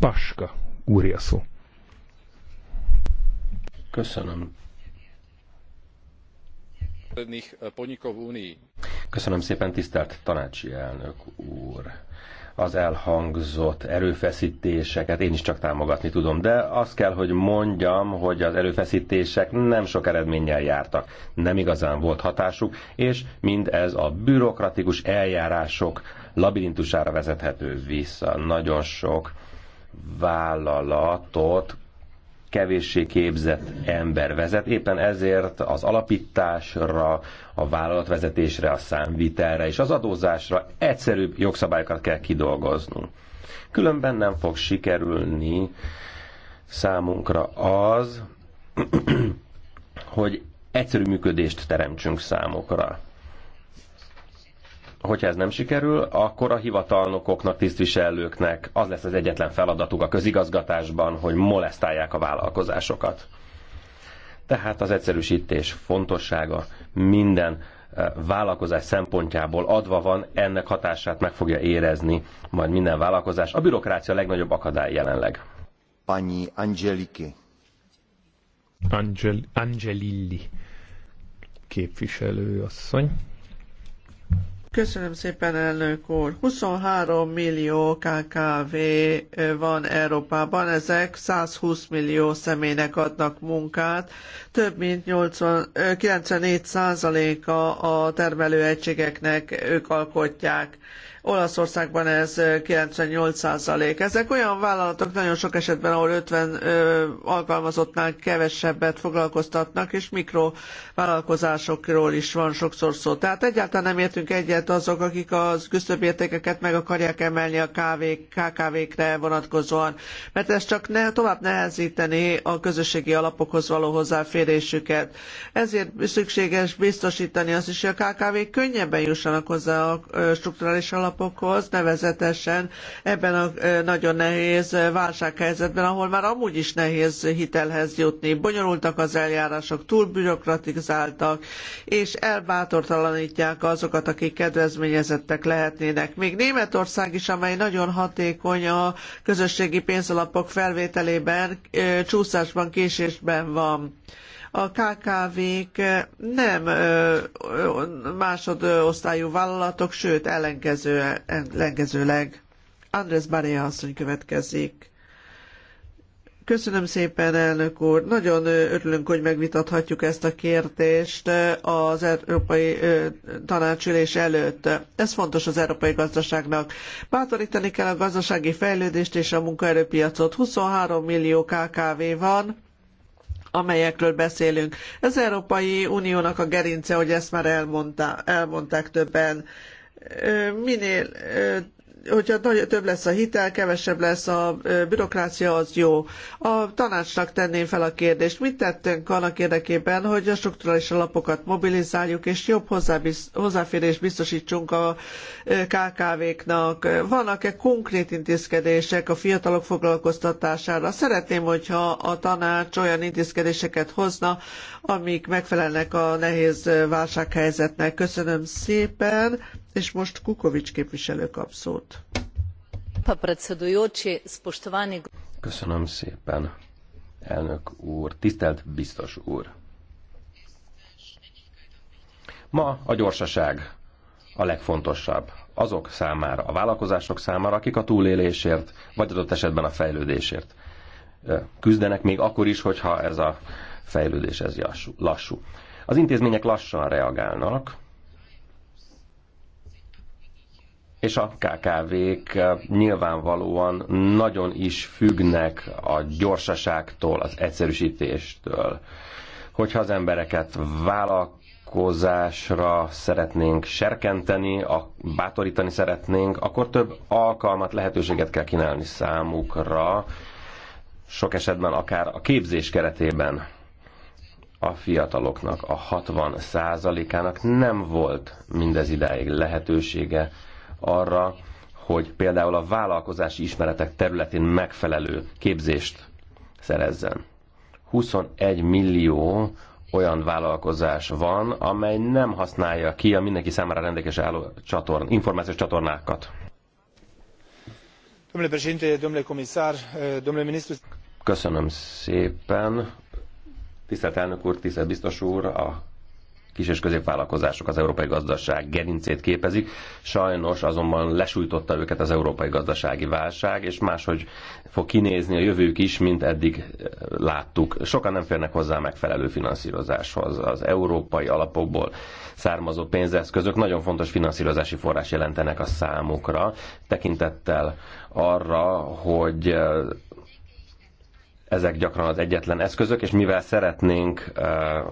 Paska úrja szó. Köszönöm. Köszönöm szépen, tisztelt tanácsi elnök úr. Az elhangzott erőfeszítéseket én is csak támogatni tudom, de azt kell, hogy mondjam, hogy az erőfeszítések nem sok eredménnyel jártak, nem igazán volt hatásuk, és mindez a bürokratikus eljárások labirintusára vezethető vissza. Nagyon sok vállalatot kevéssé képzett ember vezet. Éppen ezért az alapításra, a vállalatvezetésre, a számvitelre és az adózásra egyszerűbb jogszabályokat kell kidolgoznunk. Különben nem fog sikerülni számunkra az, hogy egyszerű működést teremtsünk számokra hogyha ez nem sikerül, akkor a hivatalnokoknak, tisztviselőknek az lesz az egyetlen feladatuk a közigazgatásban, hogy molesztálják a vállalkozásokat. Tehát az egyszerűsítés fontossága minden eh, vállalkozás szempontjából adva van, ennek hatását meg fogja érezni majd minden vállalkozás. A bürokrácia a legnagyobb akadály jelenleg. Pani Angeliki. Angel, Angelilli asszony. Köszönöm szépen, elnök úr. 23 millió KKV van Európában, ezek 120 millió személynek adnak munkát. Több mint 80, 94 százaléka a termelőegységeknek ők alkotják. Olaszországban ez 98%. Ezek olyan vállalatok nagyon sok esetben, ahol 50 ö, alkalmazottnál kevesebbet foglalkoztatnak, és mikrovállalkozásokról is van sokszor szó. Tehát egyáltalán nem értünk egyet azok, akik az küszöbértékeket meg akarják emelni a kávék, KKV-kre vonatkozóan, mert ez csak ne, tovább nehezíteni a közösségi alapokhoz való hozzáférésüket. Ezért szükséges biztosítani azt is, hogy a KKV-k könnyebben jussanak hozzá a strukturális alapokhoz, alapokhoz, nevezetesen ebben a nagyon nehéz válsághelyzetben, ahol már amúgy is nehéz hitelhez jutni. Bonyolultak az eljárások, túl bürokratizáltak, és elbátortalanítják azokat, akik kedvezményezettek lehetnének. Még Németország is, amely nagyon hatékony a közösségi pénzalapok felvételében, csúszásban, késésben van a KKV-k nem másodosztályú vállalatok, sőt ellenkező, ellenkezőleg. Andrés Barea asszony következik. Köszönöm szépen, elnök úr. Nagyon örülünk, hogy megvitathatjuk ezt a kérdést az Európai Tanácsülés előtt. Ez fontos az európai gazdaságnak. Bátorítani kell a gazdasági fejlődést és a munkaerőpiacot. 23 millió KKV van amelyekről beszélünk. Ez Európai Uniónak a gerince, hogy ezt már elmondta, elmondták többen. Minél hogyha nagy, több lesz a hitel, kevesebb lesz a bürokrácia, az jó. A tanácsnak tenném fel a kérdést, mit tettünk annak érdekében, hogy a strukturális alapokat mobilizáljuk, és jobb hozzáférést biztosítsunk a KKV-knak. Vannak-e konkrét intézkedések a fiatalok foglalkoztatására? Szeretném, hogyha a tanács olyan intézkedéseket hozna, amik megfelelnek a nehéz válsághelyzetnek. Köszönöm szépen. És most Kukovics képviselő kap szót. Köszönöm szépen, elnök úr, tisztelt biztos úr. Ma a gyorsaság a legfontosabb azok számára, a vállalkozások számára, akik a túlélésért, vagy adott esetben a fejlődésért küzdenek, még akkor is, hogyha ez a fejlődés ez lassú. Az intézmények lassan reagálnak, és a KKV-k eh, nyilvánvalóan nagyon is függnek a gyorsaságtól, az egyszerűsítéstől. Hogyha az embereket vállalkozásra szeretnénk serkenteni, a, bátorítani szeretnénk, akkor több alkalmat, lehetőséget kell kínálni számukra, sok esetben akár a képzés keretében a fiataloknak, a 60 ának nem volt mindez idáig lehetősége arra, hogy például a vállalkozási ismeretek területén megfelelő képzést szerezzen. 21 millió olyan vállalkozás van, amely nem használja ki a mindenki számára rendelkezés álló csatorn, információs csatornákat. Köszönöm szépen. Tisztelt elnök úr, tisztelt biztos úr, a kis- és középvállalkozások az európai gazdaság gerincét képezik. Sajnos azonban lesújtotta őket az európai gazdasági válság, és máshogy fog kinézni a jövők is, mint eddig eh, láttuk. Sokan nem férnek hozzá megfelelő finanszírozáshoz. Az európai alapokból származó pénzeszközök nagyon fontos finanszírozási forrás jelentenek a számukra, tekintettel arra, hogy eh, ezek gyakran az egyetlen eszközök, és mivel szeretnénk eh,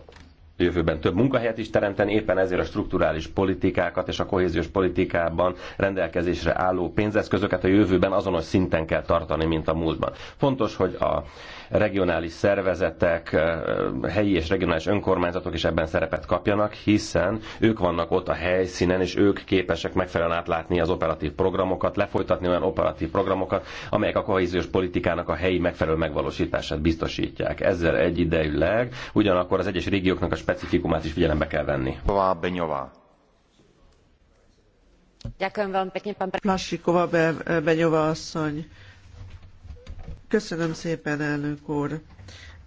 jövőben több munkahelyet is teremteni, éppen ezért a strukturális politikákat és a kohéziós politikában rendelkezésre álló pénzeszközöket a jövőben azonos szinten kell tartani, mint a múltban. Fontos, hogy a regionális szervezetek, eh, helyi és regionális önkormányzatok is ebben szerepet kapjanak, hiszen ők vannak ott a helyszínen, és ők képesek megfelelően átlátni az operatív programokat, lefolytatni olyan operatív programokat, amelyek a kohéziós politikának a helyi megfelelő megvalósítását biztosítják. Ezzel egyidejűleg ugyanakkor az egyes régióknak a specifikumát is figyelembe kell venni. Benyová. Plasikova Benyova asszony. Köszönöm szépen, elnök úr.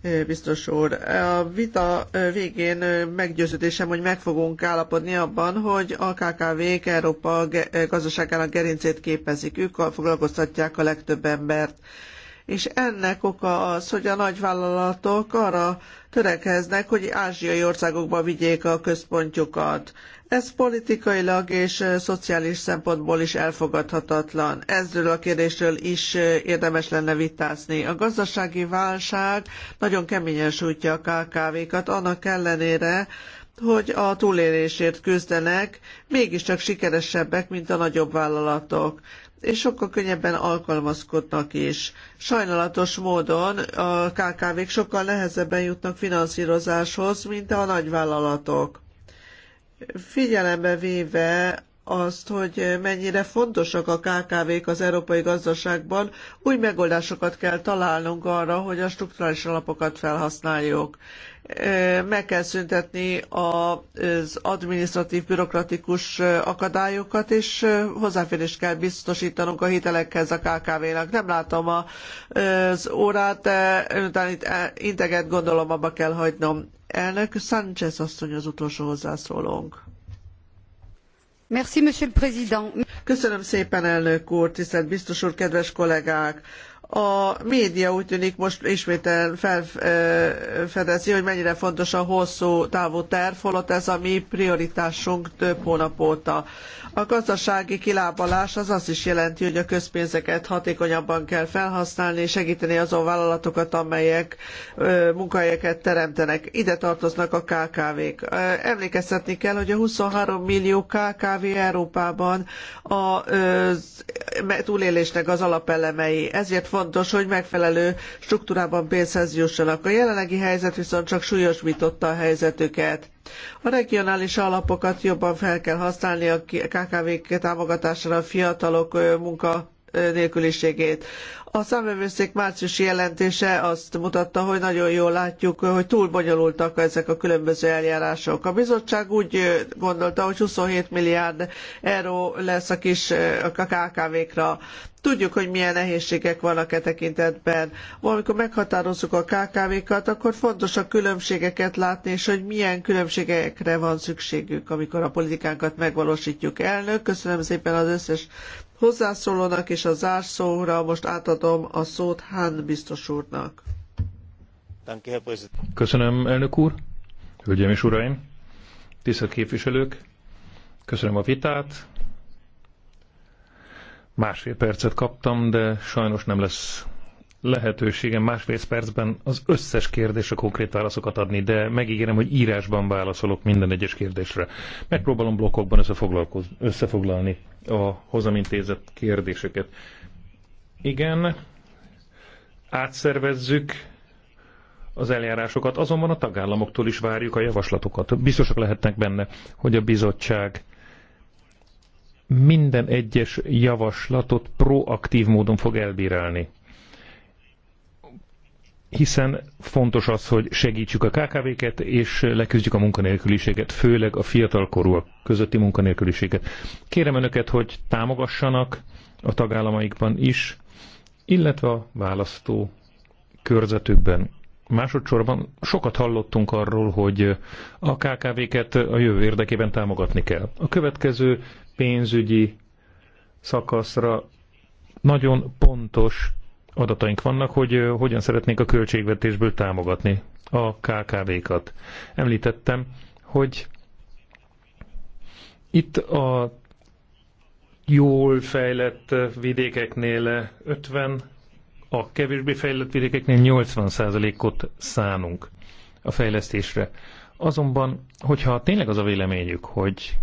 Eh, biztos úr, a vita eh, végén eh, meggyőződésem, hogy meg fogunk állapodni abban, hogy a KKV-k Európa gazdaságának gerincét képezik. Ők foglalkoztatják a legtöbb embert és ennek oka az, hogy a nagyvállalatok arra törekeznek, hogy ázsiai országokba vigyék a központjukat. Ez politikailag és szociális szempontból is elfogadhatatlan. Ezről a kérdésről is érdemes lenne vitázni. A gazdasági válság nagyon keményen sújtja a KKV-kat, annak ellenére, hogy a túlélésért küzdenek, mégiscsak sikeresebbek, mint a nagyobb vállalatok és sokkal könnyebben alkalmazkodnak is. Sajnálatos módon a KKV-k sokkal nehezebben jutnak finanszírozáshoz, mint a nagyvállalatok. Figyelembe véve azt, hogy mennyire fontosak a KKV-k az európai gazdaságban, új megoldásokat kell találnunk arra, hogy a strukturális alapokat felhasználjuk meg kell szüntetni az administratív bürokratikus akadályokat, és hozzáférést kell biztosítanunk a hitelekhez a KKV-nak. Nem látom az órát, de miután itt e, integet gondolom, abba kell hagynom. Elnök Sánchez asszony az utolsó hozzászólónk. Merci, Köszönöm szépen, elnök úr, tisztelt biztos úr, kedves kollégák! a média úgy tűnik most ismétel felfedezi, hogy mennyire fontos a hosszú távú terv, holott ez a mi prioritásunk több hónap óta. A gazdasági kilábalás az azt is jelenti, hogy a közpénzeket hatékonyabban kell felhasználni, segíteni azon vállalatokat, amelyek munkahelyeket teremtenek. Ide tartoznak a KKV-k. Emlékeztetni kell, hogy a 23 millió KKV Európában a túlélésnek az alapelemei. Ezért fontos, hogy megfelelő struktúrában pénzhez jussanak. A jelenlegi helyzet viszont csak súlyosbította a helyzetüket. A regionális alapokat jobban fel kell használni a KKV-k támogatására, a fiatalok munka munkanélküliségét. A számvevőszék márciusi jelentése azt mutatta, hogy nagyon jól látjuk, hogy túl bonyolultak ezek a különböző eljárások. A bizottság úgy gondolta, hogy 27 milliárd euró lesz a kis a KKV-kra. Tudjuk, hogy milyen nehézségek vannak e tekintetben. Amikor meghatározzuk a KKV-kat, akkor fontos a különbségeket látni, és hogy milyen különbségekre van szükségük, amikor a politikánkat megvalósítjuk. Elnök, köszönöm szépen az összes hozzászólónak és a zárszóra most átadom a szót Hán biztos úrnak. Köszönöm, elnök úr, hölgyeim és uraim, tisztelt képviselők, köszönöm a vitát. Másfél percet kaptam, de sajnos nem lesz lehetőségem másfél percben az összes kérdésre konkrét válaszokat adni, de megígérem, hogy írásban válaszolok minden egyes kérdésre. Megpróbálom blokkokban összefoglalni a hozamintézet kérdéseket. Igen, átszervezzük az eljárásokat, azonban a tagállamoktól is várjuk a javaslatokat. Biztosak lehetnek benne, hogy a bizottság minden egyes javaslatot proaktív módon fog elbírálni hiszen fontos az, hogy segítsük a KKV-ket, és leküzdjük a munkanélküliséget, főleg a fiatalkorúak közötti munkanélküliséget. Kérem Önöket, hogy támogassanak a tagállamaikban is, illetve a választó körzetükben. Másodszorban sokat hallottunk arról, hogy a KKV-ket a jövő érdekében támogatni kell. A következő pénzügyi szakaszra nagyon pontos adataink vannak, hogy hogyan szeretnénk a költségvetésből támogatni a KKV-kat. Említettem, hogy itt a jól fejlett vidékeknél 50, a kevésbé fejlett vidékeknél 80%-ot szánunk a fejlesztésre. Azonban, hogyha tényleg az a véleményük, hogy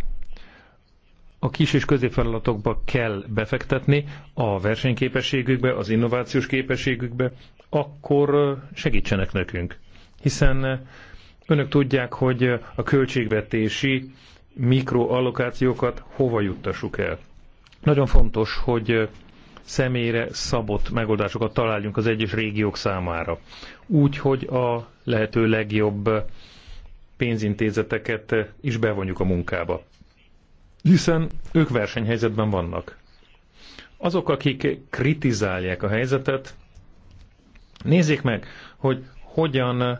a kis és középvállalatokba kell befektetni, a versenyképességükbe, az innovációs képességükbe, akkor segítsenek nekünk. Hiszen önök tudják, hogy a költségvetési mikroallokációkat hova juttassuk el. Nagyon fontos, hogy személyre szabott megoldásokat találjunk az egyes régiók számára. Úgy, hogy a lehető legjobb pénzintézeteket is bevonjuk a munkába hiszen ők versenyhelyzetben vannak. Azok, akik kritizálják a helyzetet, nézzék meg, hogy hogyan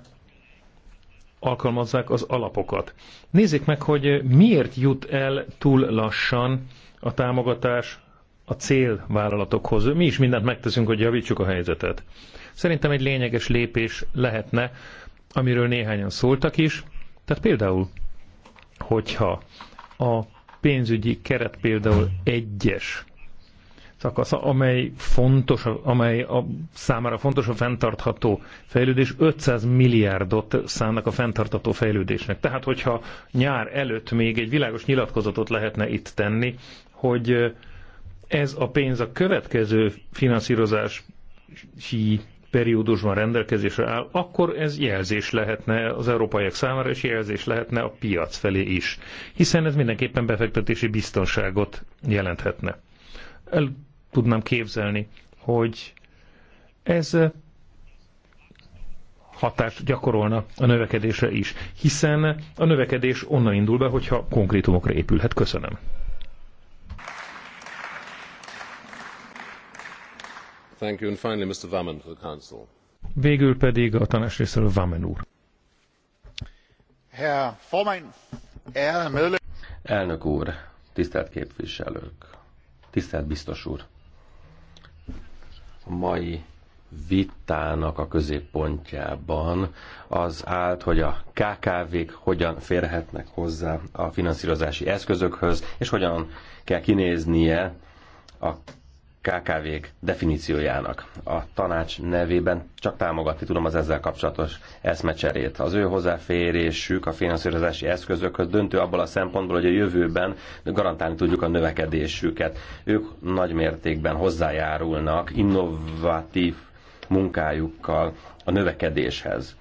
alkalmazzák az alapokat. Nézzék meg, hogy miért jut el túl lassan a támogatás a célvállalatokhoz. Mi is mindent megteszünk, hogy javítsuk a helyzetet. Szerintem egy lényeges lépés lehetne, amiről néhányan szóltak is. Tehát például, hogyha a pénzügyi keret például egyes szakasza, amely fontos, amely a számára fontos a fenntartható fejlődés, 500 milliárdot szánnak a fenntartható fejlődésnek. Tehát, hogyha nyár előtt még egy világos nyilatkozatot lehetne itt tenni, hogy ez a pénz a következő finanszírozási periódusban rendelkezésre áll, akkor ez jelzés lehetne az európaiak számára, és jelzés lehetne a piac felé is, hiszen ez mindenképpen befektetési biztonságot jelenthetne. El tudnám képzelni, hogy ez hatást gyakorolna a növekedésre is, hiszen a növekedés onnan indul be, hogyha konkrétumokra épülhet. Köszönöm. Thank you. And finally, Mr. Vaman for the Council. Végül pedig a tanács részéről úr. Herr Formann, Herr Elnök úr, tisztelt képviselők, tisztelt biztos úr. A mai vitának a középpontjában az állt, hogy a KKV-k hogyan férhetnek hozzá a finanszírozási eszközökhöz, és hogyan kell kinéznie a KKV-k definíciójának. A tanács nevében csak támogatni tudom az ezzel kapcsolatos eszmecserét. Az ő hozzáférésük a finanszírozási eszközökhöz döntő abból a szempontból, hogy a jövőben garantálni tudjuk a növekedésüket. Ők nagy mértékben hozzájárulnak innovatív munkájukkal a növekedéshez.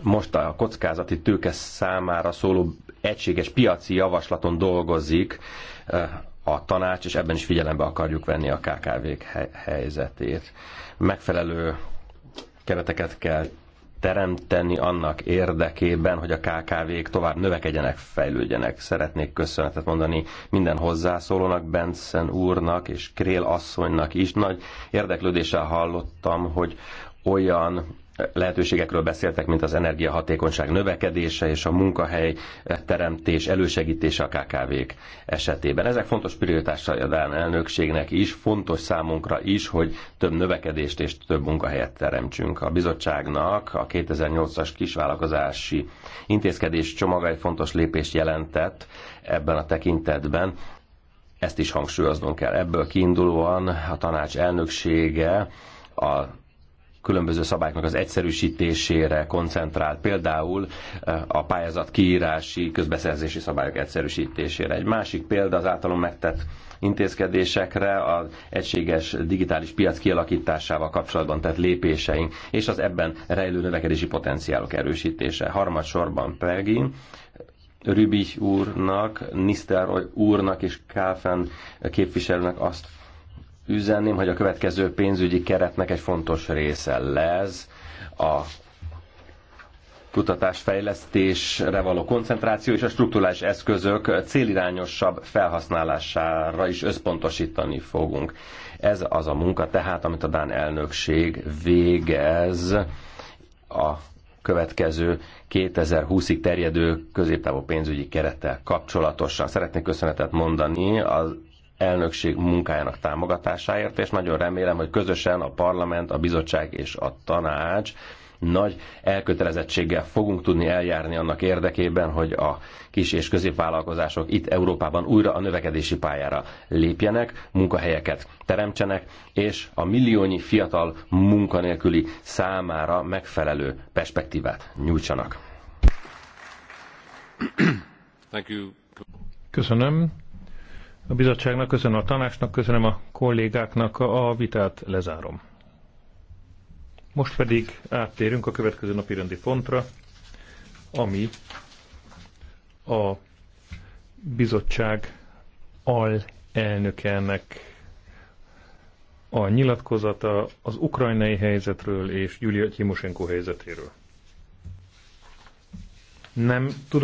Most a kockázati tőke számára szóló egységes piaci javaslaton dolgozik eh, a tanács, és ebben is figyelembe akarjuk venni a KKV-k helyzetét. Megfelelő kereteket kell teremteni annak érdekében, hogy a KKV-k tovább növekedjenek, fejlődjenek. Szeretnék köszönetet mondani minden hozzászólónak, Benson úrnak és Krél asszonynak is. Nagy érdeklődéssel hallottam, hogy olyan lehetőségekről beszéltek, mint az energiahatékonyság növekedése és a munkahely teremtés elősegítése a KKV-k esetében. Ezek fontos prioritásai a Dán elnökségnek is, fontos számunkra is, hogy több növekedést és több munkahelyet teremtsünk. A bizottságnak a 2008-as kisvállalkozási intézkedés csomaga egy fontos lépést jelentett ebben a tekintetben, ezt is hangsúlyoznunk kell. Ebből kiindulóan a tanács elnöksége a különböző szabályoknak az egyszerűsítésére koncentrál, például eh, a pályázat kiírási, közbeszerzési szabályok egyszerűsítésére. Egy másik példa az általam megtett intézkedésekre, az egységes digitális piac kialakításával kapcsolatban tett lépéseink, és az ebben rejlő növekedési potenciálok erősítése. Harmadsorban pedig Rübi úrnak, Nisztelroj úrnak és Káfen képviselőnek azt üzenném, hogy a következő pénzügyi keretnek egy fontos része lesz a kutatásfejlesztésre való koncentráció és a struktúrális eszközök célirányosabb felhasználására is összpontosítani fogunk. Ez az a munka tehát, amit a Dán elnökség végez a következő 2020-ig terjedő középtávú pénzügyi kerettel kapcsolatosan. Szeretnék köszönetet mondani az elnökség munkájának támogatásáért, és nagyon remélem, hogy közösen a parlament, a bizottság és a tanács nagy elkötelezettséggel fogunk tudni eljárni annak érdekében, hogy a kis és középvállalkozások itt Európában újra a növekedési pályára lépjenek, munkahelyeket teremtsenek, és a milliónyi fiatal munkanélküli számára megfelelő perspektívát nyújtsanak. Köszönöm. A bizottságnak köszönöm a tanácsnak, köszönöm a kollégáknak a vitát, lezárom. Most pedig áttérünk a következő napi rendi pontra, ami a bizottság alelnökelnek a nyilatkozata az ukrajnai helyzetről és Julia Timosenko helyzetéről. Nem tudod